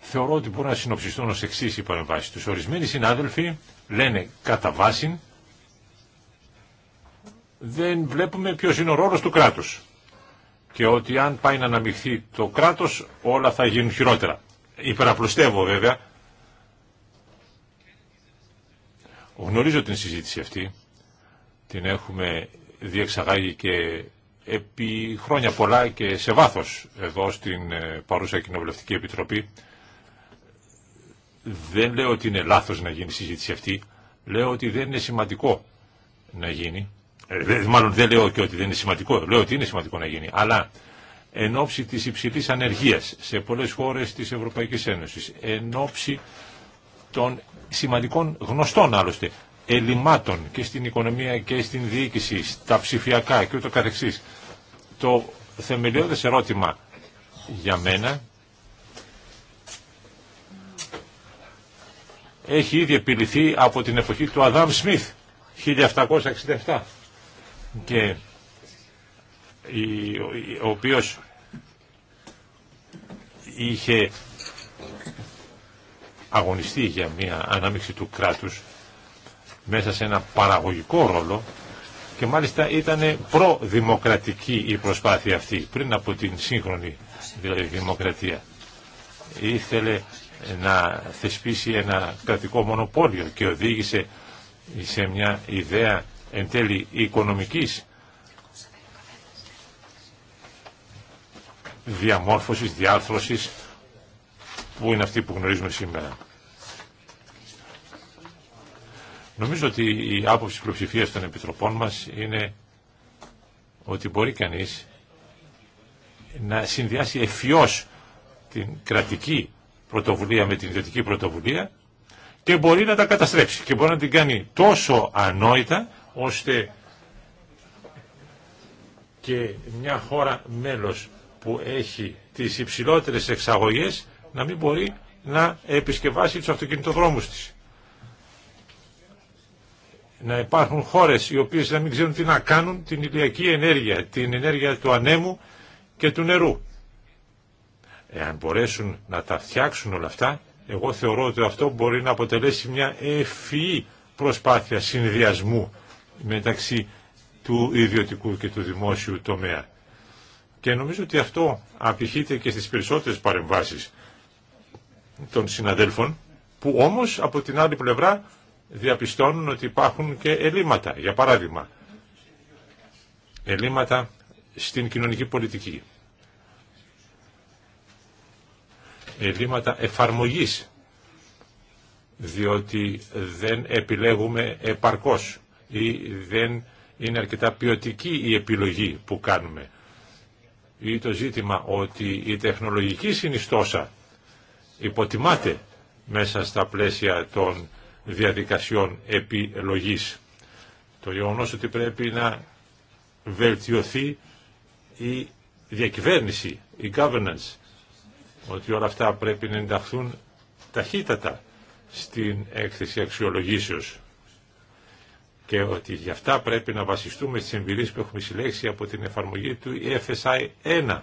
Θεωρώ ότι μπορούν να συνοψιστούν ως εξή οι παρεμβάσεις τους. Ορισμένοι συνάδελφοι λένε κατά βάση δεν βλέπουμε ποιος είναι ο ρόλος του κράτους και ότι αν πάει να αναμειχθεί το κράτος όλα θα γίνουν χειρότερα. Υπεραπλουστεύω βέβαια. Γνωρίζω την συζήτηση αυτή την έχουμε διεξαγάγει και επί χρόνια πολλά και σε βάθος εδώ στην ε, παρούσα Κοινοβουλευτική Επιτροπή. Δεν λέω ότι είναι λάθος να γίνει η συζήτηση αυτή, λέω ότι δεν είναι σημαντικό να γίνει. Ε, μάλλον δεν λέω και ότι δεν είναι σημαντικό, λέω ότι είναι σημαντικό να γίνει. Αλλά εν ώψη της υψηλής ανεργίας σε πολλές χώρες της Ευρωπαϊκής Ένωσης, εν ώψη των σημαντικών γνωστών άλλωστε ελλημάτων και στην οικονομία και στην διοίκηση, στα ψηφιακά και ούτω καθεξής. Το θεμελιώδες ερώτημα για μένα έχει ήδη επιληθεί από την εποχή του Αδάμ Σμιθ 1767 και ο οποίος είχε αγωνιστεί για μια ανάμειξη του κράτους μέσα σε ένα παραγωγικό ρόλο και μάλιστα ήταν προδημοκρατική η προσπάθεια αυτή πριν από την σύγχρονη δηλαδή, δημοκρατία. Ήθελε να θεσπίσει ένα κρατικό μονοπόλιο και οδήγησε σε μια ιδέα εν τέλει οικονομικής διαμόρφωσης, διάρθρωσης που είναι αυτή που γνωρίζουμε σήμερα. Νομίζω ότι η άποψη πλειοψηφίας των επιτροπών μας είναι ότι μπορεί κανείς να συνδυάσει εφιώς την κρατική πρωτοβουλία με την ιδιωτική πρωτοβουλία και μπορεί να τα καταστρέψει και μπορεί να την κάνει τόσο ανόητα ώστε και μια χώρα μέλος που έχει τις υψηλότερες εξαγωγές να μην μπορεί να επισκευάσει τους αυτοκινητοδρόμους της να υπάρχουν χώρες οι οποίες να μην ξέρουν τι να κάνουν την ηλιακή ενέργεια, την ενέργεια του ανέμου και του νερού. Εάν μπορέσουν να τα φτιάξουν όλα αυτά, εγώ θεωρώ ότι αυτό μπορεί να αποτελέσει μια ευφυή προσπάθεια συνδυασμού μεταξύ του ιδιωτικού και του δημόσιου τομέα. Και νομίζω ότι αυτό απηχείται και στις περισσότερες παρεμβάσεις των συναδέλφων, που όμως από την άλλη πλευρά διαπιστώνουν ότι υπάρχουν και ελλείμματα. Για παράδειγμα, ελλείμματα στην κοινωνική πολιτική. Ελλείμματα εφαρμογής, διότι δεν επιλέγουμε επαρκώς ή δεν είναι αρκετά ποιοτική η επιλογή που κάνουμε. Ή το ζήτημα ότι η τεχνολογική συνιστόσα υποτιμάται μέσα στα πλαίσια των διαδικασιών επιλογής. Το γεγονός ότι πρέπει να βελτιωθεί η διακυβέρνηση, η governance, ότι όλα αυτά πρέπει να ενταχθούν ταχύτατα στην έκθεση αξιολογήσεως και ότι γι' αυτά πρέπει να βασιστούμε στις εμπειρίες που έχουμε συλλέξει από την εφαρμογή του EFSI 1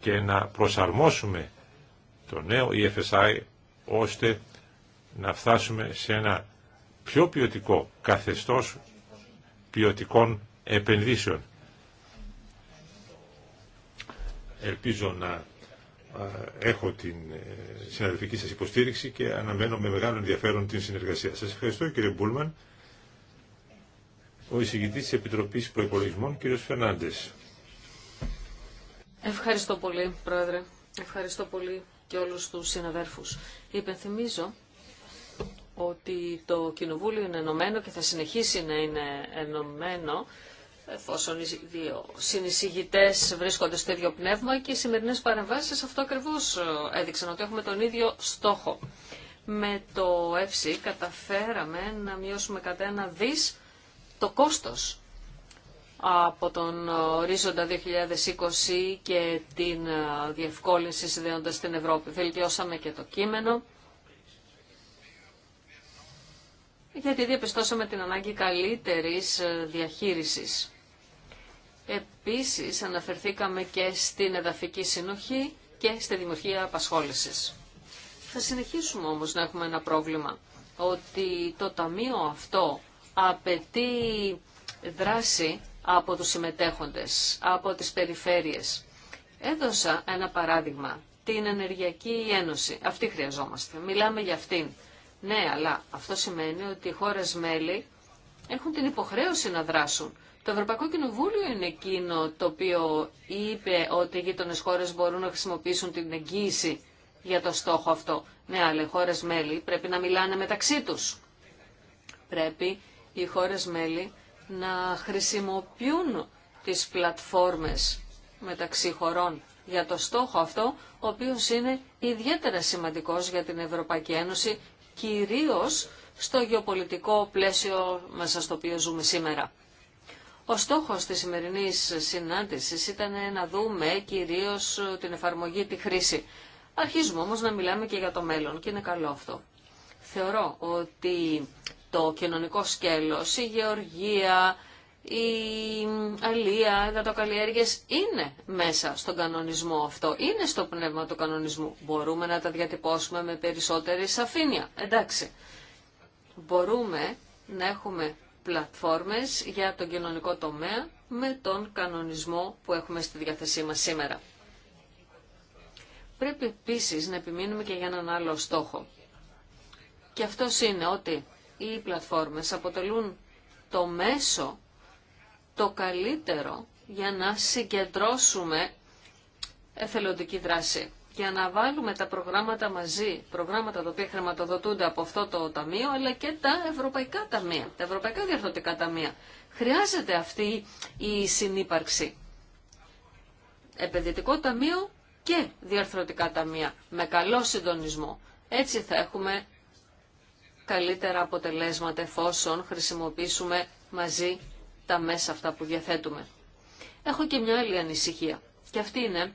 και να προσαρμόσουμε το νέο EFSI ώστε να φτάσουμε σε ένα πιο ποιοτικό καθεστώς ποιοτικών επενδύσεων. Ελπίζω να έχω την ε, συναδελφική σας υποστήριξη και αναμένω με μεγάλο ενδιαφέρον την συνεργασία. Σας ευχαριστώ κύριε Μπούλμαν. Ο εισηγητής της Επιτροπής Προϋπολογισμών, κύριος Φερνάντες. Ευχαριστώ πολύ, Πρόεδρε. Ευχαριστώ πολύ και όλους τους συναδέρφους. Υπενθυμίζω ότι το Κοινοβούλιο είναι ενωμένο και θα συνεχίσει να είναι ενωμένο εφόσον οι δύο συνεισηγητές βρίσκονται στο ίδιο πνεύμα και οι σημερινές παρεμβάσεις αυτό ακριβώς ε, έδειξαν ότι έχουμε τον ίδιο στόχο. Με το ΕΦΣΥ καταφέραμε να μειώσουμε κατά ένα δις το κόστος από τον ορίζοντα 2020 και την ε, διευκόλυνση συνδέοντας την Ευρώπη. Βελτιώσαμε και το κείμενο γιατί διαπιστώσαμε την ανάγκη καλύτερης ε, διαχείρισης. Επίσης αναφερθήκαμε και στην εδαφική συνοχή και στη δημιουργία απασχόλησης. Θα συνεχίσουμε όμως να έχουμε ένα πρόβλημα, ότι το ταμείο αυτό απαιτεί δράση από τους συμμετέχοντες, από τις περιφέρειες. Έδωσα ένα παράδειγμα, την Ενεργειακή Ένωση. Αυτή χρειαζόμαστε. Μιλάμε για αυτήν. Ναι, αλλά αυτό σημαίνει ότι οι χώρες μέλη έχουν την υποχρέωση να δράσουν. Το Ευρωπαϊκό Κοινοβούλιο είναι εκείνο το οποίο είπε ότι οι γείτονε χώρε μπορούν να χρησιμοποιήσουν την εγγύηση για το στόχο αυτό. Ναι, αλλά οι χώρε μέλη πρέπει να μιλάνε μεταξύ του. Πρέπει οι χώρε μέλη να χρησιμοποιούν τι πλατφόρμες μεταξύ χωρών για το στόχο αυτό, ο οποίος είναι ιδιαίτερα σημαντικός για την Ευρωπαϊκή Ένωση κυρίως στο γεωπολιτικό πλαίσιο μέσα στο οποίο ζούμε σήμερα. Ο στόχος της σημερινής συνάντησης ήταν να δούμε κυρίως την εφαρμογή, τη χρήση. Αρχίζουμε όμως να μιλάμε και για το μέλλον και είναι καλό αυτό. Θεωρώ ότι το κοινωνικό σκέλος, η γεωργία, η αλία, οι δατοκαλλιέργειε είναι μέσα στον κανονισμό αυτό, είναι στο πνεύμα του κανονισμού. Μπορούμε να τα διατυπώσουμε με περισσότερη σαφήνεια, εντάξει. Μπορούμε να έχουμε πλατφόρμες για τον κοινωνικό τομέα με τον κανονισμό που έχουμε στη διάθεσή μας σήμερα. Πρέπει επίσης να επιμείνουμε και για έναν άλλο στόχο. Και αυτός είναι ότι οι πλατφόρμες αποτελούν το μέσο το καλύτερο για να συγκεντρώσουμε εθελοντική δράση. Για να βάλουμε τα προγράμματα μαζί, προγράμματα τα οποία χρηματοδοτούνται από αυτό το ταμείο, αλλά και τα ευρωπαϊκά ταμεία, τα ευρωπαϊκά διαρθρωτικά ταμεία. Χρειάζεται αυτή η συνύπαρξη. Επενδυτικό ταμείο και διαρθρωτικά ταμεία, με καλό συντονισμό. Έτσι θα έχουμε καλύτερα αποτελέσματα εφόσον χρησιμοποιήσουμε μαζί τα μέσα αυτά που διαθέτουμε. Έχω και μια άλλη ανησυχία και αυτή είναι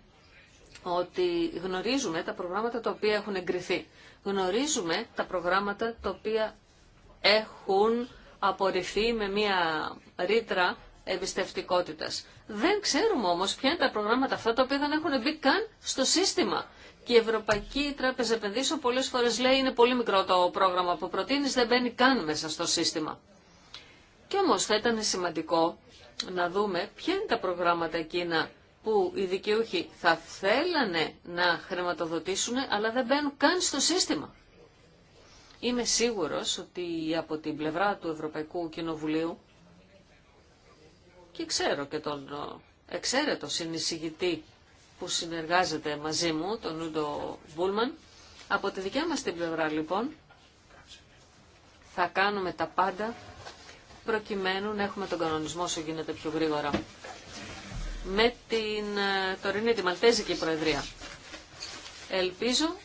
ότι γνωρίζουμε τα προγράμματα τα οποία έχουν εγκριθεί. Γνωρίζουμε τα προγράμματα τα οποία έχουν απορριφθεί με μια ρήτρα εμπιστευτικότητα. Δεν ξέρουμε όμω ποια είναι τα προγράμματα αυτά τα οποία δεν έχουν μπει καν στο σύστημα. Και η Ευρωπαϊκή Τράπεζα Επενδύσεων πολλέ φορέ λέει είναι πολύ μικρό το πρόγραμμα που προτείνει, δεν μπαίνει καν μέσα στο σύστημα. Και όμως θα ήταν σημαντικό να δούμε ποια είναι τα προγράμματα εκείνα που οι δικαιούχοι θα θέλανε να χρηματοδοτήσουν, αλλά δεν μπαίνουν καν στο σύστημα. Είμαι σίγουρος ότι από την πλευρά του Ευρωπαϊκού Κοινοβουλίου και ξέρω και τον ε, εξαίρετο συνεισηγητή που συνεργάζεται μαζί μου, τον Νούντο Βούλμαν, από τη δικιά μας την πλευρά λοιπόν θα κάνουμε τα πάντα προκειμένου να έχουμε τον κανονισμό όσο γίνεται πιο γρήγορα. Με την ε, τωρινή τη Μαλτέζικη Προεδρία. Ελπίζω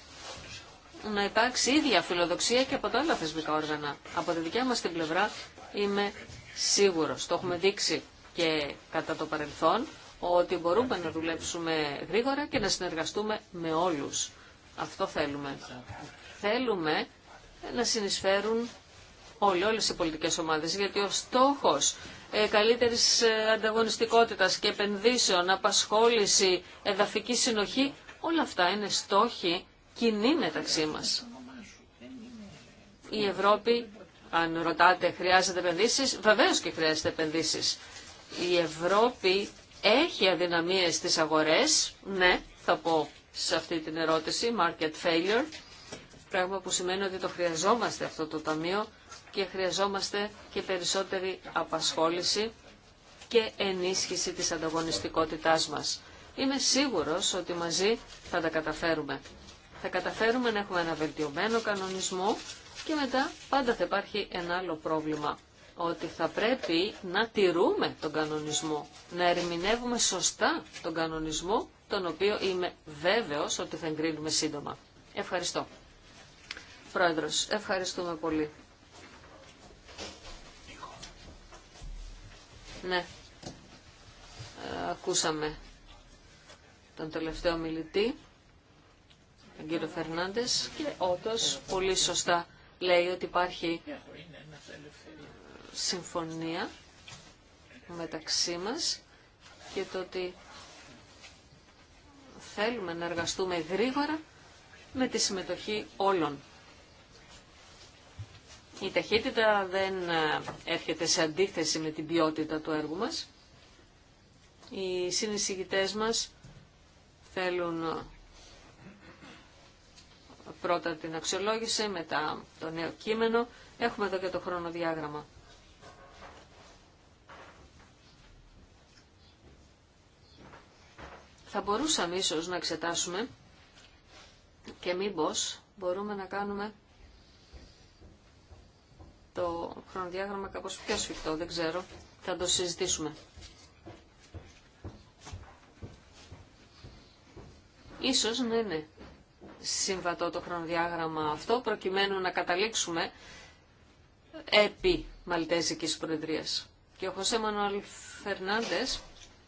να υπάρξει ίδια φιλοδοξία και από τα άλλα θεσμικά όργανα. Από τη δικιά μας την πλευρά είμαι σίγουρος. Το έχουμε δείξει και κατά το παρελθόν ότι μπορούμε να δουλέψουμε γρήγορα και να συνεργαστούμε με όλους. Αυτό θέλουμε. Θέλουμε να συνεισφέρουν όλοι, όλες οι πολιτικές ομάδες, γιατί ο στόχος ε, καλύτερης ε, ανταγωνιστικότητας και επενδύσεων, απασχόληση, εδαφική συνοχή, όλα αυτά είναι στόχοι κοινοί μεταξύ μας. Η Ευρώπη, αν ρωτάτε, χρειάζεται επενδύσεις, βεβαίως και χρειάζεται επενδύσεις. Η Ευρώπη έχει αδυναμίες στις αγορές, ναι, θα πω σε αυτή την ερώτηση, market failure, πράγμα που σημαίνει ότι το χρειαζόμαστε αυτό το ταμείο και χρειαζόμαστε και περισσότερη απασχόληση και ενίσχυση της ανταγωνιστικότητάς μας. Είμαι σίγουρος ότι μαζί θα τα καταφέρουμε. Θα καταφέρουμε να έχουμε ένα βελτιωμένο κανονισμό και μετά πάντα θα υπάρχει ένα άλλο πρόβλημα. Ότι θα πρέπει να τηρούμε τον κανονισμό, να ερμηνεύουμε σωστά τον κανονισμό, τον οποίο είμαι βέβαιος ότι θα εγκρίνουμε σύντομα. Ευχαριστώ. Πρόεδρος, ευχαριστούμε πολύ. Ναι. Ακούσαμε τον τελευταίο μιλητή, τον κύριο Φερνάντες, και όντως πολύ σωστά λέει ότι υπάρχει ε, συμφωνία μεταξύ μας και το ότι θέλουμε να εργαστούμε γρήγορα με τη συμμετοχή όλων. Η ταχύτητα δεν ε, έρχεται σε αντίθεση με την ποιότητα του έργου μας. Οι συνεισηγητές μας θέλουν ε, πρώτα την αξιολόγηση, μετά το νέο κείμενο. Έχουμε εδώ και το χρονοδιάγραμμα. Θα μπορούσαμε ίσως να εξετάσουμε και μήπως μπορούμε να κάνουμε το χρονοδιάγραμμα κάπως πιο σφιχτό, δεν ξέρω. Θα το συζητήσουμε. Ίσως να είναι ναι. συμβατό το χρονοδιάγραμμα αυτό, προκειμένου να καταλήξουμε επί Μαλτέζικης Προεδρίας. Και ο Χωσέ Μανουαλ Φερνάντες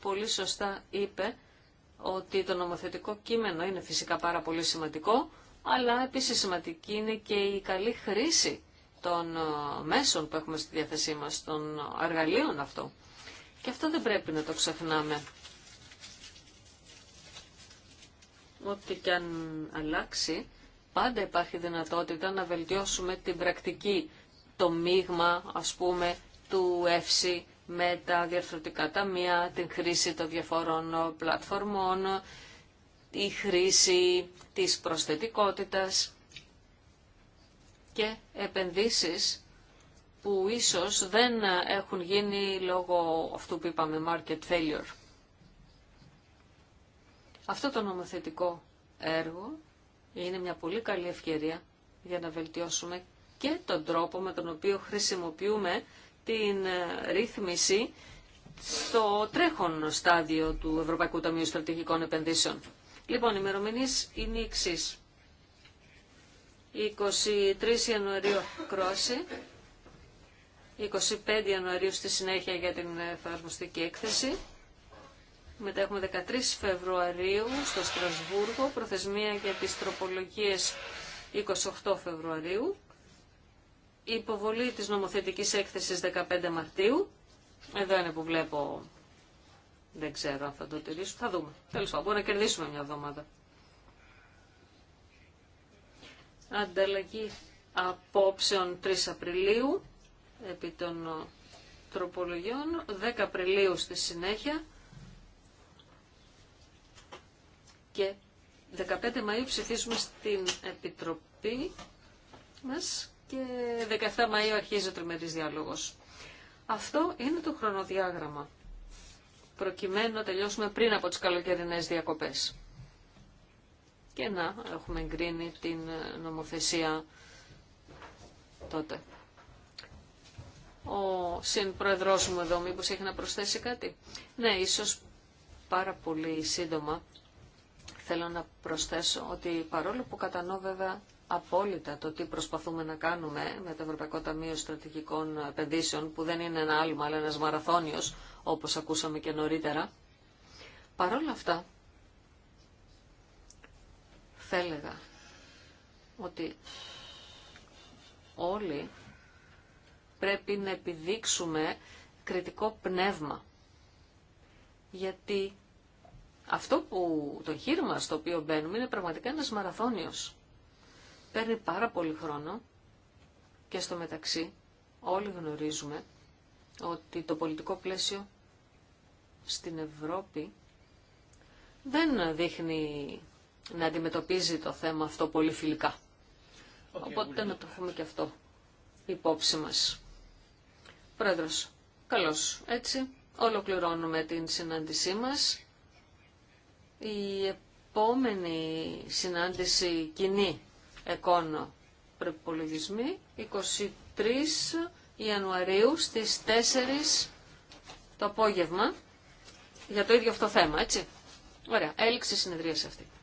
πολύ σωστά είπε ότι το νομοθετικό κείμενο είναι φυσικά πάρα πολύ σημαντικό, αλλά επίσης σημαντική είναι και η καλή χρήση των ε, μέσων που έχουμε στη διάθεσή μας, των εργαλείων αυτό. Και αυτό δεν πρέπει να το ξεχνάμε. Ό,τι και αν αλλάξει, πάντα υπάρχει δυνατότητα να βελτιώσουμε την πρακτική, το μείγμα, ας πούμε, του ΕΦΣΥ με τα διαρθρωτικά ταμεία, την χρήση των διαφορών πλατφορμών, τη χρήση της προσθετικότητας και επενδύσεις που ίσως δεν έχουν γίνει λόγω αυτού που είπαμε market failure. Αυτό το νομοθετικό έργο είναι μια πολύ καλή ευκαιρία για να βελτιώσουμε και τον τρόπο με τον οποίο χρησιμοποιούμε την ε, ρύθμιση στο τρέχον στάδιο του Ευρωπαϊκού Ταμείου Στρατηγικών Επενδύσεων. Λοιπόν, οι ημερομηνίε είναι οι 23 Ιανουαρίου κρόση, 25 Ιανουαρίου στη συνέχεια για την εφαρμοστική έκθεση. Μετά έχουμε 13 Φεβρουαρίου στο Στρασβούργο, προθεσμία για τις τροπολογίες 28 Φεβρουαρίου, υποβολή της νομοθετικής έκθεσης 15 Μαρτίου. Εδώ είναι που βλέπω, δεν ξέρω αν θα το τηρήσω θα δούμε. Τέλος πάντων, μπορούμε να κερδίσουμε μια εβδομάδα. Ανταλλαγή απόψεων 3 Απριλίου επί των ε, τροπολογιών, 10 Απριλίου στη συνέχεια και 15 Μαΐου ψηφίσουμε στην Επιτροπή μας και 17 Μαΐου αρχίζει ο τριμερής διάλογος. Αυτό είναι το χρονοδιάγραμμα προκειμένου να τελειώσουμε πριν από τις καλοκαιρινές διακοπές και να έχουμε εγκρίνει την νομοθεσία τότε. Ο συμπρόεδρός μου εδώ μήπως έχει να προσθέσει κάτι. Ναι, ίσως πάρα πολύ σύντομα θέλω να προσθέσω ότι παρόλο που κατανοώ βέβαια απόλυτα το τι προσπαθούμε να κάνουμε με το Ευρωπαϊκό Ταμείο Στρατηγικών Επενδύσεων, που δεν είναι ένα άλμα αλλά ένας μαραθώνιος, όπως ακούσαμε και νωρίτερα, παρόλα αυτά θα έλεγα ότι όλοι πρέπει να επιδείξουμε κριτικό πνεύμα. Γιατί αυτό που το χείρμα στο οποίο μπαίνουμε είναι πραγματικά ένας μαραθώνιος. Παίρνει πάρα πολύ χρόνο και στο μεταξύ όλοι γνωρίζουμε ότι το πολιτικό πλαίσιο στην Ευρώπη δεν δείχνει να αντιμετωπίζει το θέμα αυτό πολύ φιλικά. Οπότε να το έχουμε και αυτό υπόψη μας. Πρόεδρος, καλώς. Έτσι ολοκληρώνουμε την συνάντησή μας. Η επόμενη συνάντηση κοινή εκόνο προπολογισμη 23 Ιανουαρίου στις 4 το απόγευμα για το ίδιο αυτό θέμα, έτσι. Ωραία, έληξε η συνεδρίαση αυτή.